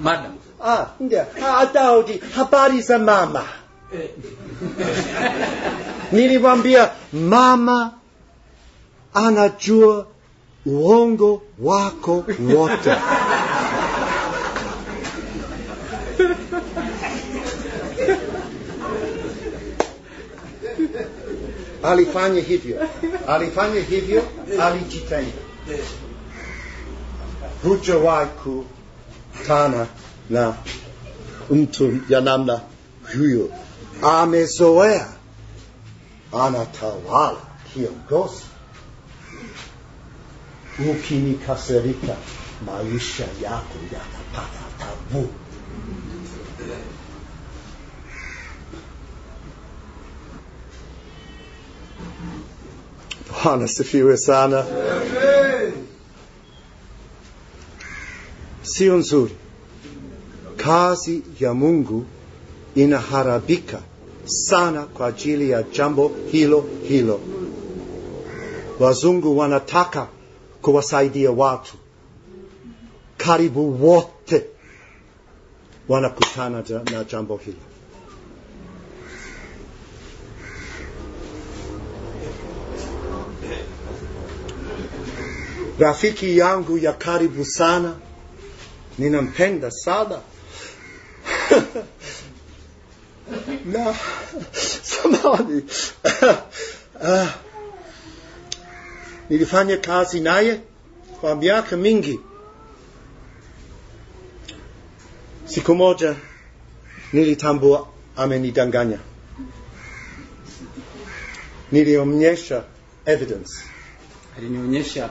mada. Ah, ndio. Ah, Daudi, habari za mama? Nilimwambia mama anajua uongo wako wote. alifanya hivyo, alifanya hivyo, alijitenga. hujawahi kukutana na mtu ya namna huyo. Amezoea, anatawala kiongozi. Ukinikasirika, maisha yako yatapata tabu. Bwana sifiwe sana. Amen. sio nzuri. Kazi ya Mungu inaharabika sana kwa ajili ya jambo hilo hilo. Wazungu wanataka kuwasaidia watu, karibu wote wanakutana na jambo hilo. Rafiki yangu ya karibu sana ninampenda sana na samani ah, nilifanya kazi naye kwa miaka mingi. Siku moja nilitambua amenidanganya, nilionyesha evidence, alinionyesha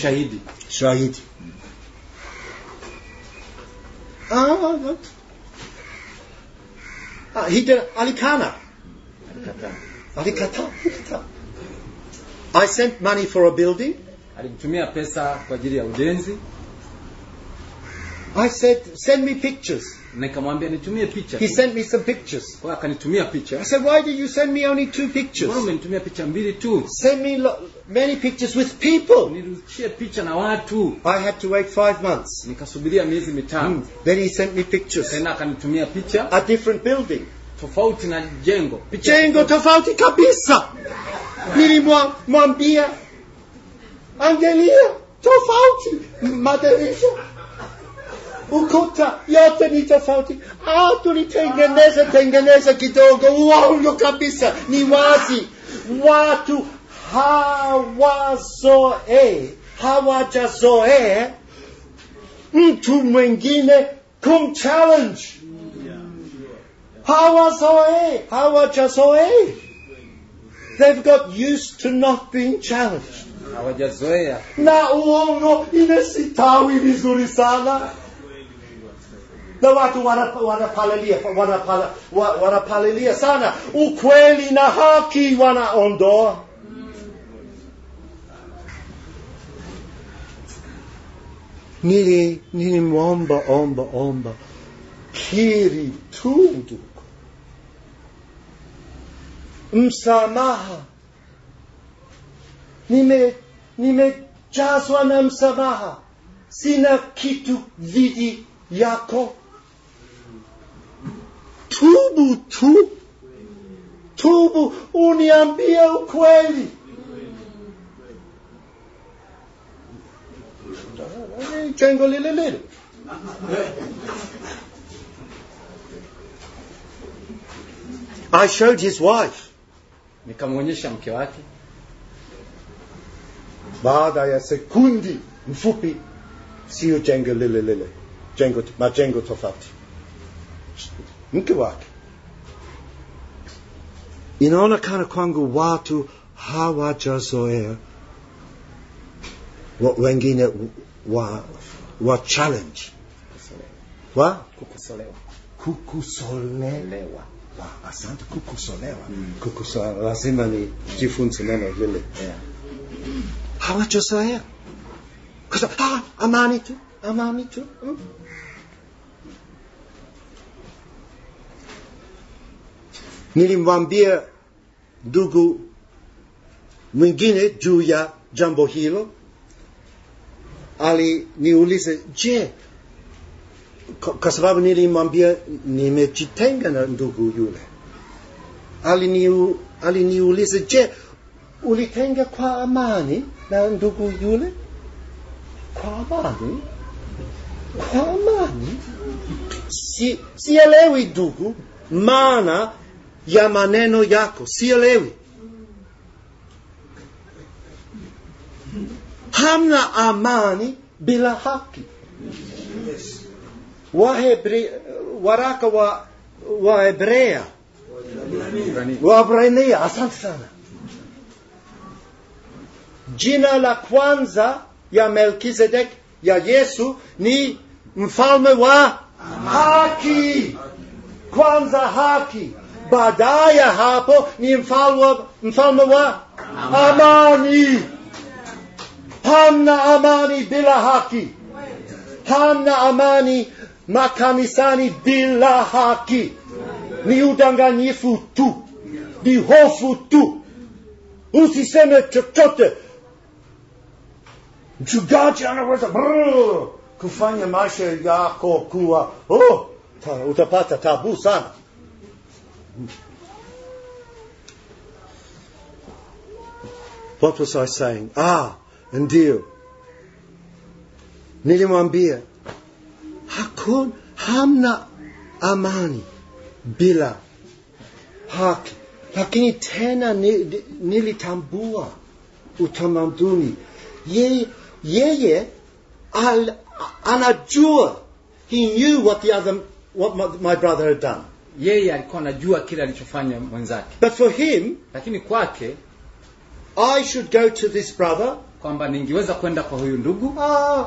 shahidi, shahidi Ah, uh, he did Alicana. Alicata. Alicata. I sent money for a building. Alimtumia pesa kwa ajili ya I said, send me pictures. nikamwambia nitumie picha He sent me some pictures. Kwa akanitumia picha. I said, why did you send me only two pictures? Mbona umenitumia picha mbili tu? Send me lo- many pictures with people. Nirudishie picha na watu. I had to wait five months. Nikasubiria miezi mitano. Mm. Then he sent me pictures. Tena akanitumia picha A different building. tofauti na jengo. Picha Jengo tofauti kabisa. Nilimwambia, angalia tofauti madirisha ukuta yote ni tofauti, au tulitengeneza tengeneza kidogo? Uongo kabisa, ni wazi watu hawazoe hawajazoe mtu mwingine kumchallenge, hawazoe hawajazoe, they've got used to not being challenged, na uongo inesitawi vizuri sana na watu wanapalilia wana, wana sana ukweli na haki wanaondoa nili mwomba omba omba kiri tu ndugu msamaha nime nimejazwa na msamaha sina kitu dhidi yako tubu tu, tubu, uniambie ukweli. Chengo lile lile I showed his wife, nikamwonyesha mke wake. Baada ya sekundi mfupi, sio jengo lile lile, jengo majengo tofauti mke wake. Inaonekana kwangu watu hawajazoea wengine wa, wa challenge wa kukosolewa, kukosolewa. Asante, kukosolewa, mm. kukosolewa. Lazima ni jifunze neno hili yeah. Hawajazoea kwa sababu ah, amani tu, amani tu mm. Nilimwambia ndugu mwingine juu ya jambo hilo, niulize je, kwa sababu nilimwambia nimejitenga na ndugu yule. aliniulize ali je, ulitenga kwa amani na ndugu yule? Kwa amani? Kwa amani? Si, sielewi ndugu, maana ya maneno yako sielewi. Hamna amani bila haki. Wahebrea, waraka wa Waebrea, Waebrania, asante sana. Jina la kwanza ya Melkizedek ya Yesu ni mfalme wa haki. Kwanza haki baadaye hapo ni mfalme wa amani. Hamna amani bila haki, hamna amani makanisani bila haki. Ni udanganyifu tu, ni hofu tu. Usiseme chochote, mchungaji anaweza kufanya maisha yako kuwa oh, utapata tabu sana. Hmm. What was I saying? Ah, and you? Nilimambia. Hakun hamna amani bila haki. Lakini tena nilitambua utamaduni. Yeye, yeye al, anajua. He knew what the other, what my, my brother had done. yeye alikuwa anajua kile alichofanya mwenzake. But for him, lakini kwake, I should go to this brother, kwamba ningeweza kwenda kwa huyu ndugu. Uh,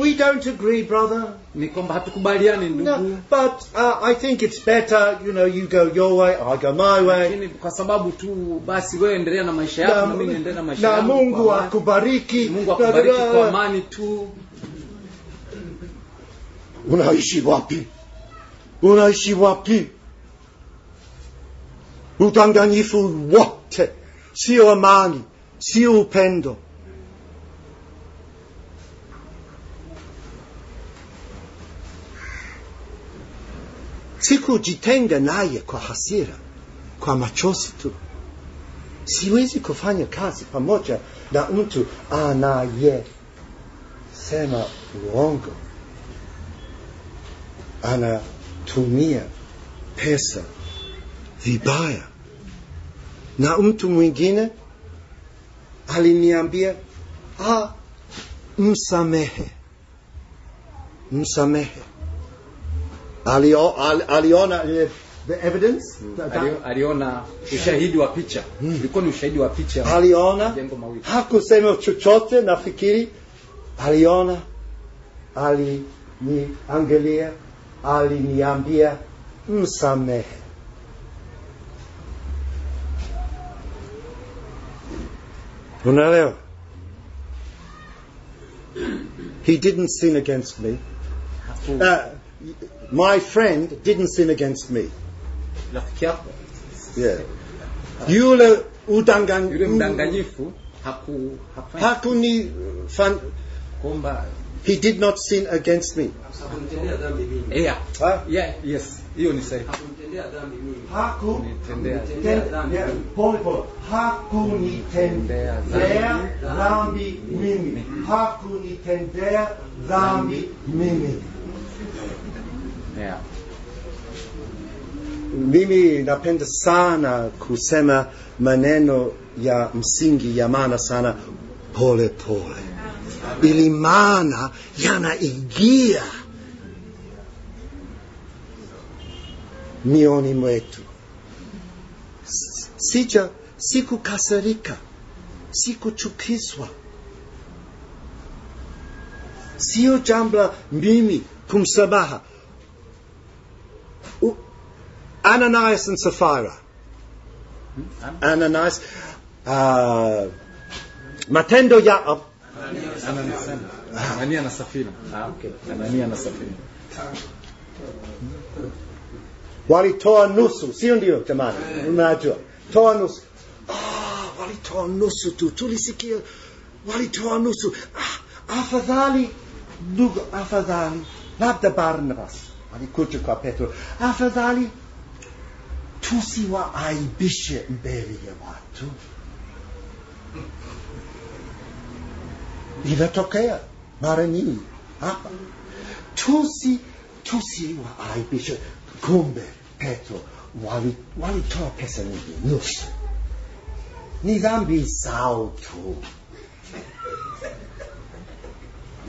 we don't agree brother, ni kwamba hatukubaliani ndugu. No, but uh, I think it's better you know you go your way, I go my way. Lakini kwa sababu tu basi, wewe endelea na maisha yako na mimi niendelea na maisha yangu, na Mungu akubariki, Mungu akubariki kwa amani tu. Unaishi wapi? Unaishi wapi? udanganyifu wote, sio amani, sio upendo. Si kujitenga naye kwa hasira, kwa machosi tu. Siwezi kufanya kazi pamoja na mtu sema uongo, anatumia pesa vibaya, na mtu mwingine aliniambia ah, msamehe, msamehe. Alio, al, aliona the evidence mm. aliona ushahidi wa picha mm. ni ushahidi wa picha, aliona hakusema chochote. Nafikiri aliona, aliniangalia, aliniambia msamehe. Runaleo. He didn't sin against me. Uh, my friend didn't sin against me. Yeah. Yule udangan yule hakuni fan he did not sin against me. Yeah. Huh? Yeah, yes. hiyo ni sahihi. Hakunitendea dhambi dhambi. mimi. Hakunitendea pole pole, hakunitendea dhambi mimi, hakunitendea dhambi mimi. Yeah. Mimi napenda sana kusema maneno ya msingi ya maana sana, pole pole, ili maana yanaingia mioni mwetu. Sija si kukasirika, si kuchukizwa. Sio jambla la mimi kumsabaha Ananias and safira Ananias. Uh, matendo ya uh, ananias na Safira. Ah, ananias na Safira walitoa nusu, sio ndio? Jamani, unajua toa nusu. ah, walitoa nusu tu, tulisikia walitoa nusu. Ah, afadhali ndugu, afadhali labda Barnabas alikuja kwa Petro, afadhali tusiwaaibishe mbele ya watu. Inatokea mara nyingi hapa, tusi tusiwaaibishe Kumbe Petro walitoa wali pesa nyingi, nusu. Ni dhambi zao tu,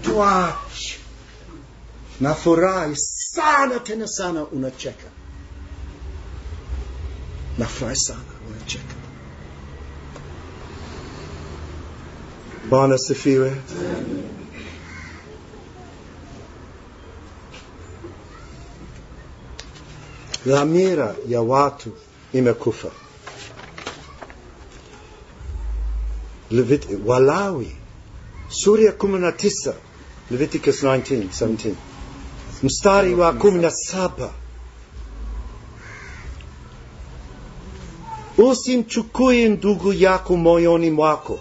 tuache. Nafurahi sana tena sana, unacheka. Nafurahi sana, unacheka. Bwana sifiwe. dhamira ya watu imekufa. Levit Walawi sura ya kumi na tisa Leviticus 19, 17 mstari wa kumi na saba usimchukue ndugu yako moyoni mwako,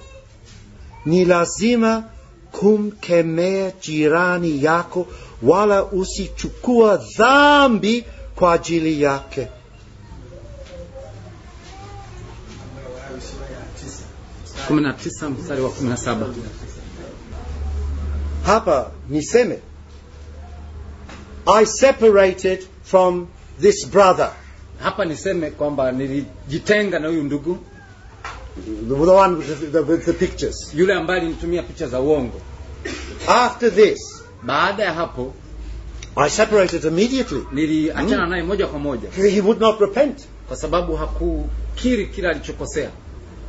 ni lazima kumkemea jirani yako, wala usichukua dhambi kwa ajili yake. Hapa niseme I separated from this brother. Hapa niseme kwamba nilijitenga na huyu ndugu the one with the, the pictures. Yule ambaye alinitumia picha za uongo. After this, baada ya hapo I separated immediately. Niliachana mm. naye moja kwa moja. He would not repent. Kwa sababu hakukiri kila alichokosea.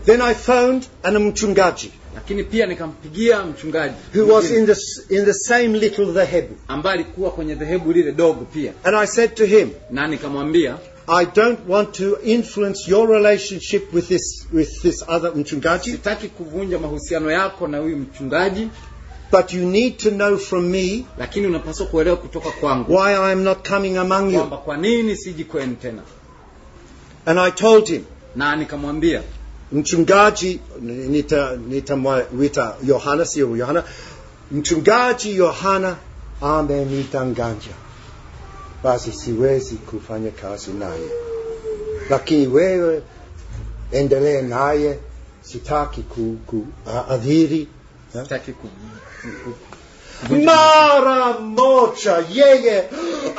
Then I found an mchungaji. Lakini pia nikampigia mchungaji. Who was in the, in the same little dhehebu. Ambaye alikuwa kwenye dhehebu lile dogo pia. And I said to him. Na nikamwambia. I don't want to influence your relationship with this, with this other mchungaji. Sitaki kuvunja mahusiano yako na huyu mchungaji. But you need to know from me lakini unapaswa kuelewa kutoka kwangu why I am not coming among you. kwamba kwa nini siji kwenu tena And I told him, na nikamwambia mchungaji nitamwita nita, nita Yohana, sio Yohana, mchungaji Yohana amenidanganya, basi siwezi kufanya kazi naye, lakini wewe endelee naye, sitaki kuadhiri ku, ku, uh, mara mocha, yeye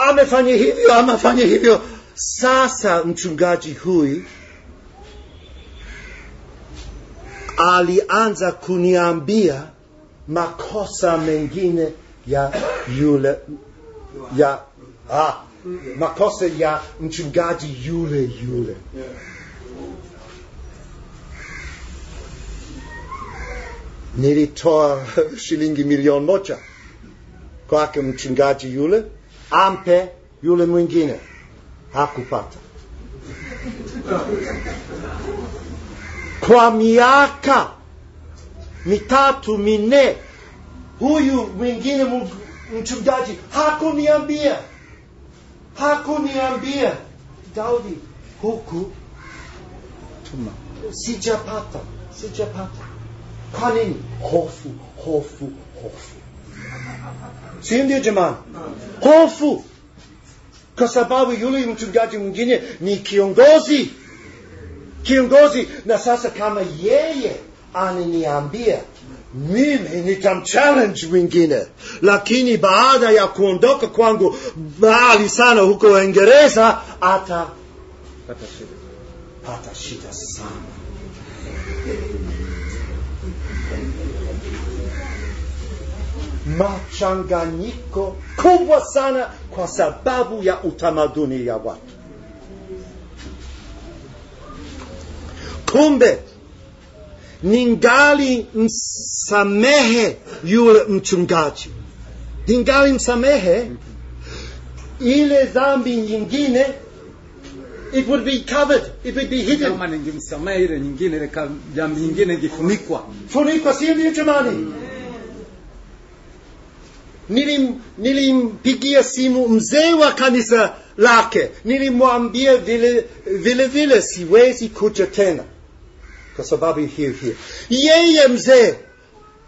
amefanya hivyo, amefanya hivyo. Sasa mchungaji huyu alianza kuniambia makosa mengine ya yule ya ah, makosa ya mchungaji yule yule yeah. nilitoa shilingi milioni moja kwake mchungaji yule, ampe yule mwingine. Hakupata. Kwa miaka mitatu minne, huyu mwingine mchungaji hakuniambia, hakuniambia Daudi, huku sijapata, sijapata kwa nini? Hofu, hofu, hofu, si ndio jamani? Hofu kwa sababu yule mchungaji mwingine ni kiongozi, kiongozi. Na sasa kama yeye ananiambia mimi nitamchallenge lakini baada ya kuondoka kwangu mbali sana huko Uingereza ata pata shida sana machanganyiko kubwa sana kwa sababu ya utamaduni ya watu. Kumbe ningali msamehe yule mchungaji, ningali msamehe ile dhambi nyingine it would be covered, it would be hidden. Kama ningemsamehe ile nyingine, ile dhambi nyingine ingefunikwa. Funikwa, si ndio jamani? nilim, nilimpigia simu mzee wa kanisa lake, nilimwambia vile vile, vile siwezi kuja tena kwa sababu hiyo hiyo. Yeye mzee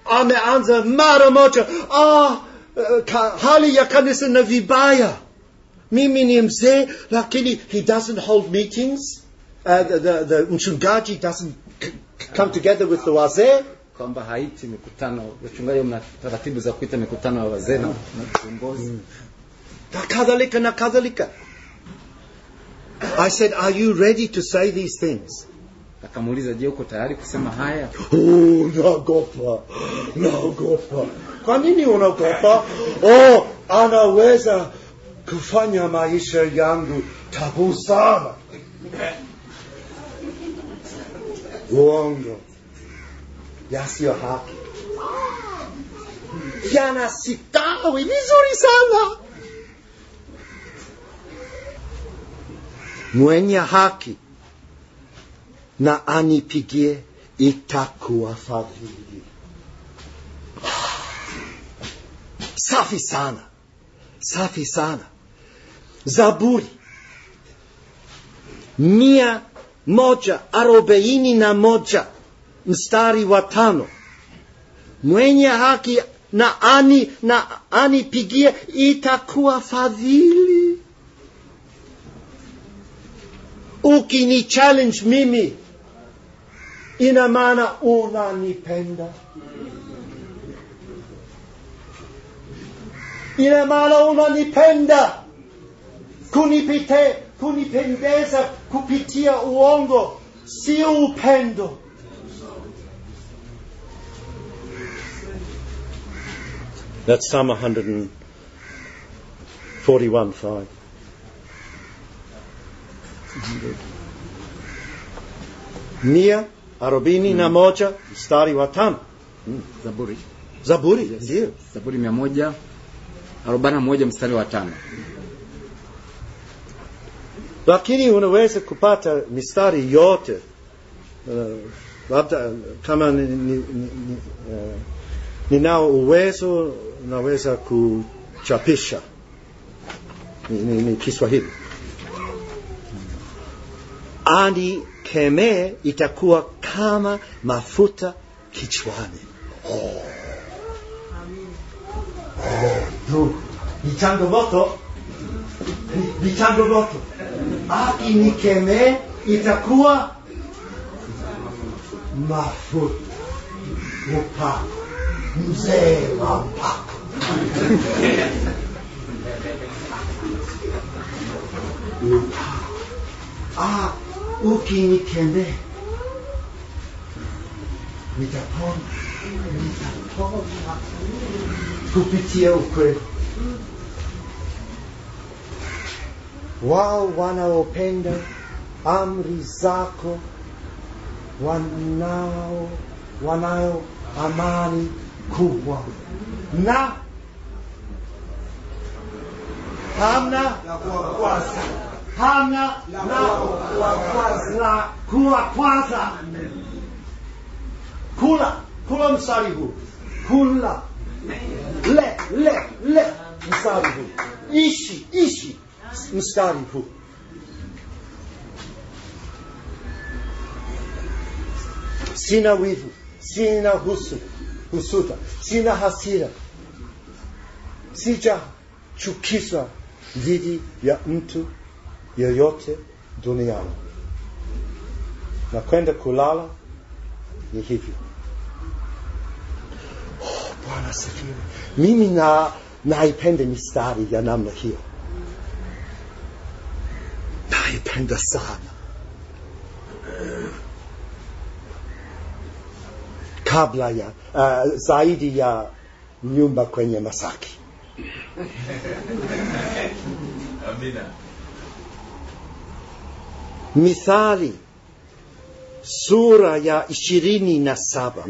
ameanza mara moja, ah, eh, ka, hali ya kanisa na vibaya. Mimi ni mzee, lakini he doesn't hold meetings. Uh, the, the, the mchungaji doesn't come together with the wazee. kwamba haiti mikutano wachungaji mna taratibu za kuita mikutano ya wazee na viongozi na kadhalika na kadhalika I said, are you ready to say these things? Akamuuliza, je, uko tayari kusema haya? Oh, naogopa, naogopa. Kwa nini unaogopa? Oh, anaweza kufanya maisha yangu tabu sana. Uongo yasiyohaki yanastawi vizuri sana. Mwenye haki na anipigie, itakuwa fadhili. Safi sana, safi sana. Zaburi mia moja arobaini na moja mstari wa tano mwenye haki na ani na anipigie itakuwa fadhili. Ukini challenge mimi, ina maana unanipenda, ina maana unanipenda kunipite kunipendeza kupitia uongo, si upendo. That's Psalm 141 5. Nia arobini hmm. na moja mstari wa tano. Hmm, Zaburi. Zaburi, ndio. Yes. Zaburi mia moja arobaini na moja mstari wa tano. Lakini unaweza kupata mistari yote uh, labda kama ninao ni, ni, ni, uh, uwezo naweza kuchapisha ni, ni, ni Kiswahili. keme itakuwa kama mafuta kichwani. Oh. Oh, ni changamoto, ni keme itakuwa mafuta, mzee wa mpako Ah, ukinitendea nitapona, nitapona kupitia ukweli. Wao wanaopenda amri zako, wanao wanayo amani kubwa na hamna kuwakwaza, hamna la kuwakwaza. Kula, kula msari huu, kula le le le msari huu, ishi ishi msari huu. Sina wivu, sina husu, husuta sina hasira, sija chukiswa dhidi ya mtu yoyote duniani na kwenda kulala ni hivyo oh, bwana sifiwe mimi na naipenda mistari ya namna hiyo naipenda sana kabla ya uh, zaidi ya nyumba kwenye masaki Amina. Mithali sura ya ishirini na saba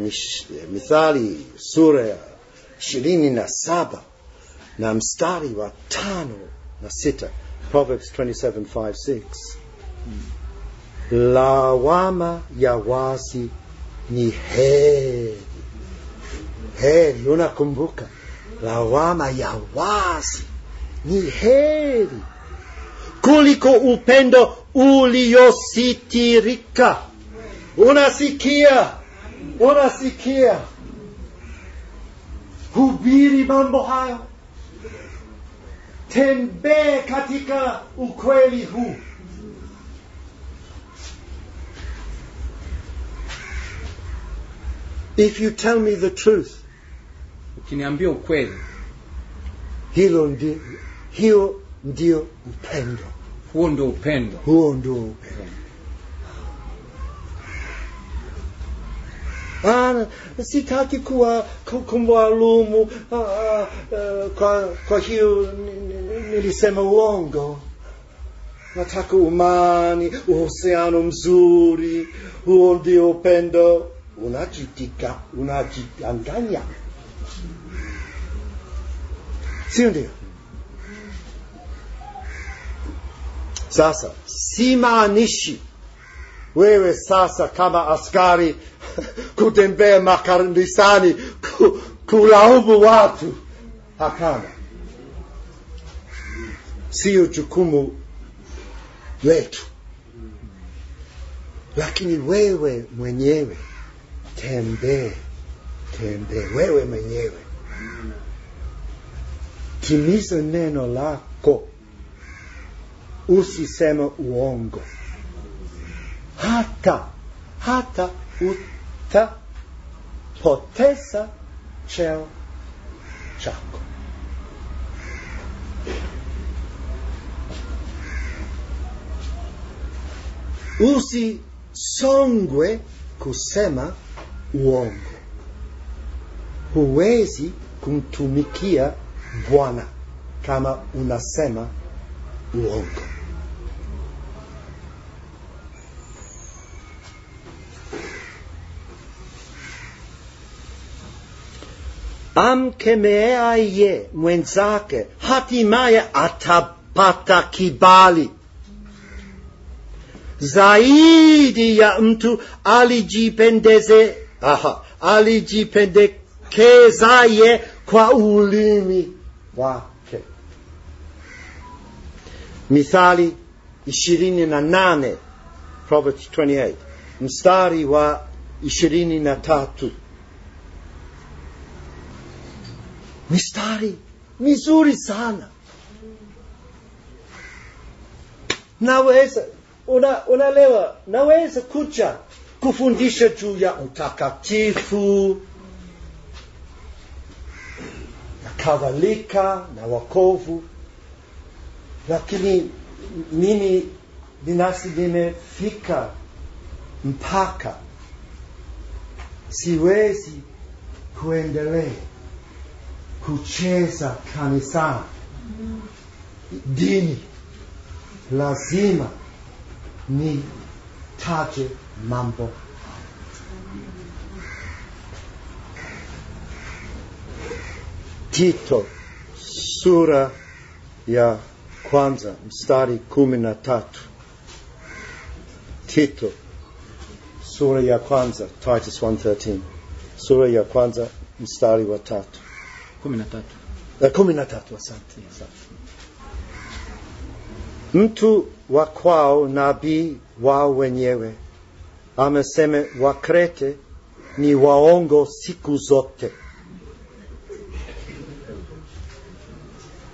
Mithali sura ya ishirini na saba na mstari wa tano na sita Proverbs 27:5-6 lawama ya wazi ni heri heri unakumbuka lawama ya wazi ni heri kuliko upendo uliositirika. Unasikia, unasikia, hubiri mambo hayo, tembee katika ukweli huu. If you tell me the truth, kiniambia ukweli. Hilo ndio, hiyo ndio upendo, huo ndio upendo, huo ndio upendo. Ana, sitaki kuwa kumwalumu kwa, kwa hiyo nilisema uongo. Nataka umani, uhusiano mzuri, huo ndio upendo. Unajitika, unajidanganya. Sio ndio? Sasa simaanishi wewe sasa kama askari kutembea makanisani kulaumu watu. Hapana, sio jukumu letu, lakini wewe mwenyewe tembee, tembee wewe mwenyewe timize neno lako, usisema uongo. Hata hata utapoteza cheo chako. Usisongwe kusema uongo. Huwezi kumtumikia Bwana kama unasema uongo. Amkemeaye mwenzake hatimaye atapata kibali zaidi ya mtu alijipendeze alijipendekezaye kwa ulimi wake. Mithali ishirini na nane Proverbs 28 mstari wa ishirini na tatu mistari mizuri sana naweza una, naweza kucha kufundisha juu ya utakatifu kadhalika na wakovu, lakini mimi binafsi nimefika mpaka siwezi kuendelea kucheza kanisani. Dini lazima ni taje mambo Tito sura ya kwanza mstari kumi na tatu. Tito sura ya kwanza, Titus 1:13, sura ya kwanza mstari wa tatu, kumi na tatu. na kumi na tatu, asante. Mtu wa kwao nabii wao wenyewe amesema Wakrete ni waongo siku zote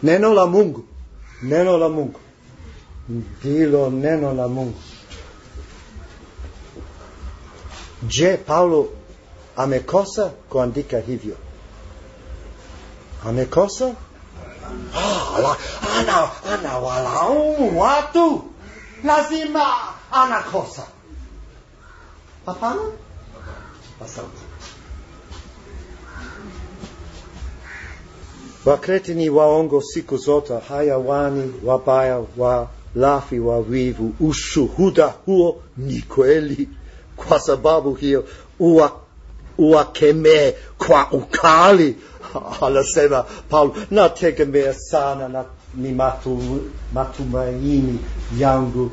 Neno la Mungu, neno la Mungu ndilo neno la Mungu. Je, Paulo amekosa kuandika hivyo? Amekosa? Ah, ana anawalaumu watu, lazima anakosa. Hapana, kwa Wakretini waongo siku zote, hayawani wabaya, walafi, wawivu. Ushuhuda huo ni kweli, kwa sababu hiyo uwakemee kwa ukali, anasema Paulo, nategemea sana na ni matu, matumaini yangu uh,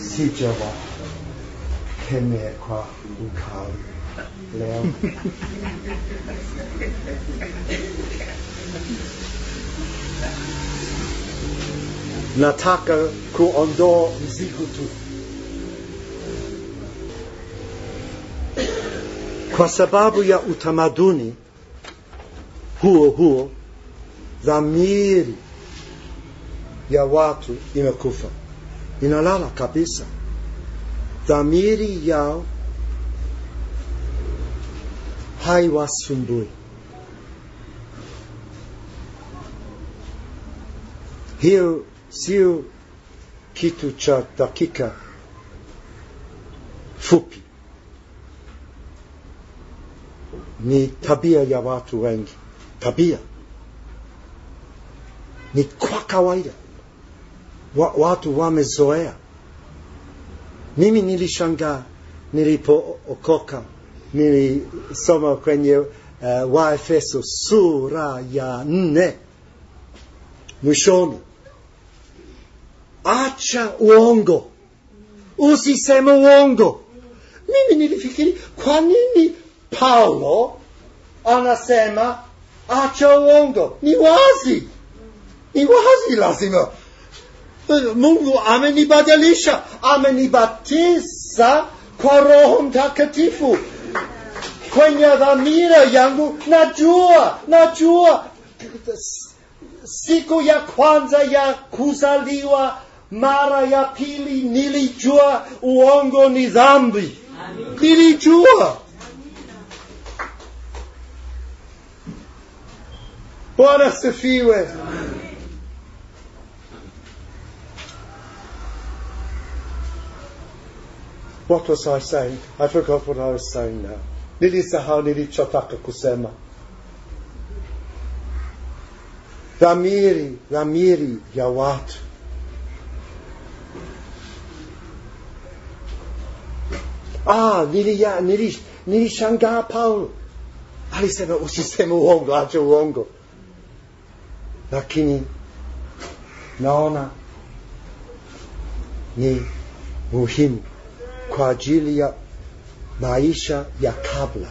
sijawakemea kwa ukali leo nataka kuondoa mzigo tu, kwa sababu ya utamaduni huo huo, dhamiri ya watu imekufa, inalala kabisa. Dhamiri yao haiwasumbui. Hiyo sio kitu cha dakika fupi, ni tabia ya watu wengi. Tabia ni kwa kawaida, wa, watu wamezoea. Mimi nilishangaa nilipookoka, nilisoma kwenye uh, eh, Waefeso sura ya nne mwishoni acha uongo, usisema uongo. Mimi nilifikiri kwa nini Paulo anasema acha uongo? Ni wazi, ni wazi, lazima Mungu amenibadilisha, amenibatiza kwa Roho Mtakatifu kwenye dhamira yangu. Najua, najua siku ya kwanza ya kuzaliwa mara ya pili nilijua uongo ni dhambi. Nilijua. Bwana sifiwe. What was I saying? I forgot what I was saying now. Nilisahau nilichotaka kusema. Dhamiri, dhamiri ya watu a nili ja, nili, nili Paul, ali sebe usisema u on ađe u ongo. Lakini naona ni muhimu kwa ajili ya maisha ya kabla,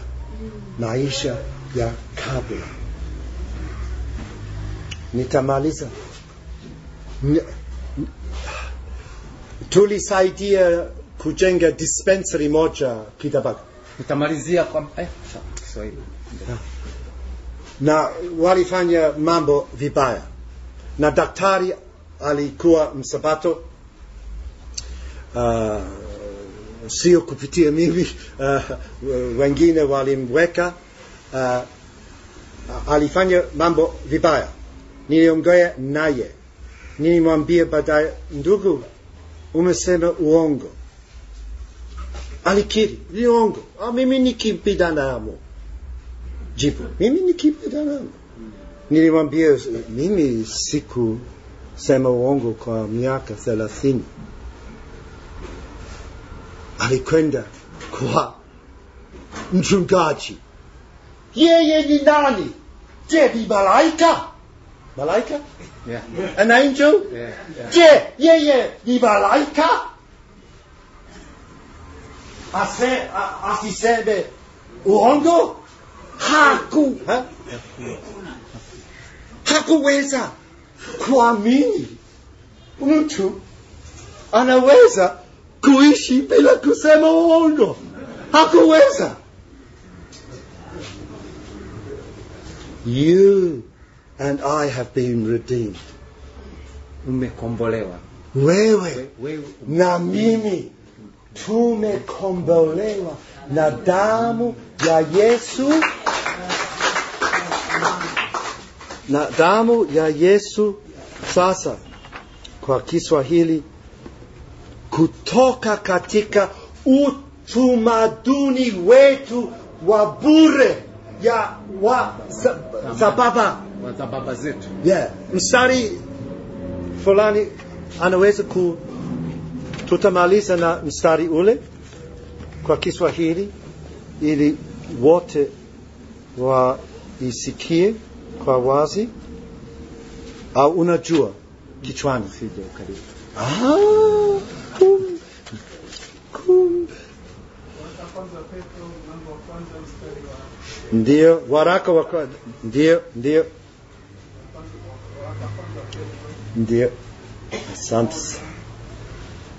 maisha ya kabla. Nitamaliza. Tulisaidia kujenga dispensary moja kitabaka. Utamalizia kwa eh, so, Na walifanya mambo vibaya, na daktari alikuwa msabato uh, sio kupitia mimi uh, wengine walimweka uh, alifanya mambo vibaya. Niliongea naye, nilimwambia baadaye, ndugu, umesema uongo alikiri liongo, ah, mimi ni kipi Danamu? Jibu, mimi ni kipi Danamu? Nilimwambia mimi siku sema uongo kwa miaka thelathini. Alikwenda kwa mchungaji, yeye ni nani? Je, ni malaika? Malaika? Yeah. An angel? Yeah. Yeah. Je, yeye ni malaika? afin afisembe uongo haku ha? hakuweza kuamini mtu anaweza kuishi bila kusema uongo hakuweza you and I have been redeemed umekombolewa wewe, wewe na mimi tumekombolewa na damu ya Yesu, na damu ya Yesu. Sasa kwa Kiswahili, kutoka katika utumaduni wetu wa bure ya wa zetu yeah. mstari fulani anaweza ku tutamaliza na mstari ule kwa Kiswahili ili wote waisikie kwa wazi au unajua kichwani karibu. ah, kum, kum. Ndio waraka wa ndio ndio ndio, asante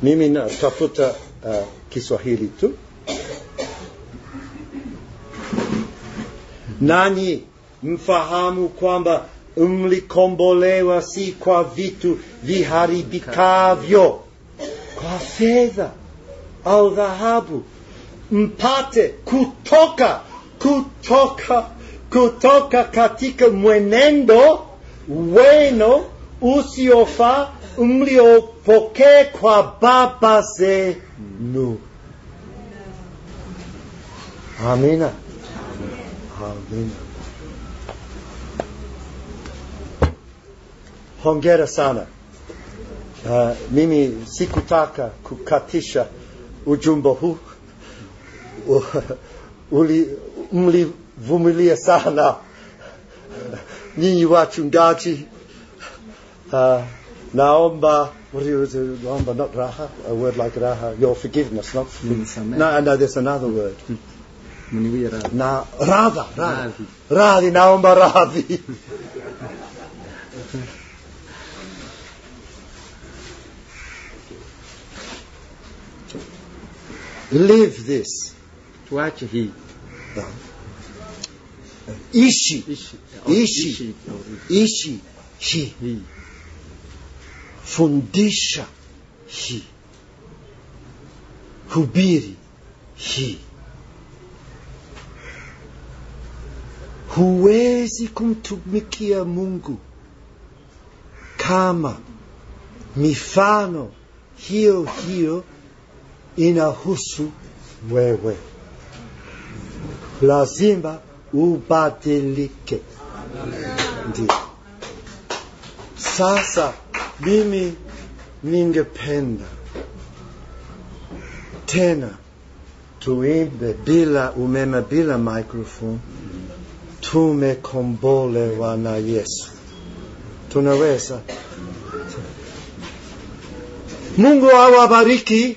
mimi natafuta uh, Kiswahili tu. nani mfahamu kwamba mlikombolewa si kwa vitu viharibikavyo, kwa fedha au dhahabu, mpate kutoka kutoka kutoka katika mwenendo weno usiofa mlio Pokea kwa Baba zenu. Amina, amina. Hongera sana. Uh, mimi sikutaka kukatisha ujumbe huu mlivumilia sana nyinyi wachungaji. Uh, naomba what is it, Ramba, not raha, a word like raha, your forgiveness, not forgiveness. Mm, no, no, there's another word. Mm. Na, radha, radhi, radhi, naomba radhi. Live this. Twachihi. Oh, ishi. Ishi. Ishi. Ishi. Ishi. fundisha hii, hubiri hii. Huwezi kumtumikia Mungu kama mifano hiyo hiyo inahusu wewe, lazima ubadilike. Ndio. Sasa mimi ningependa tena tuimbe bila umeme, bila microphone, tumekombolewa na Yesu. Tunaweza. Mungu awabariki.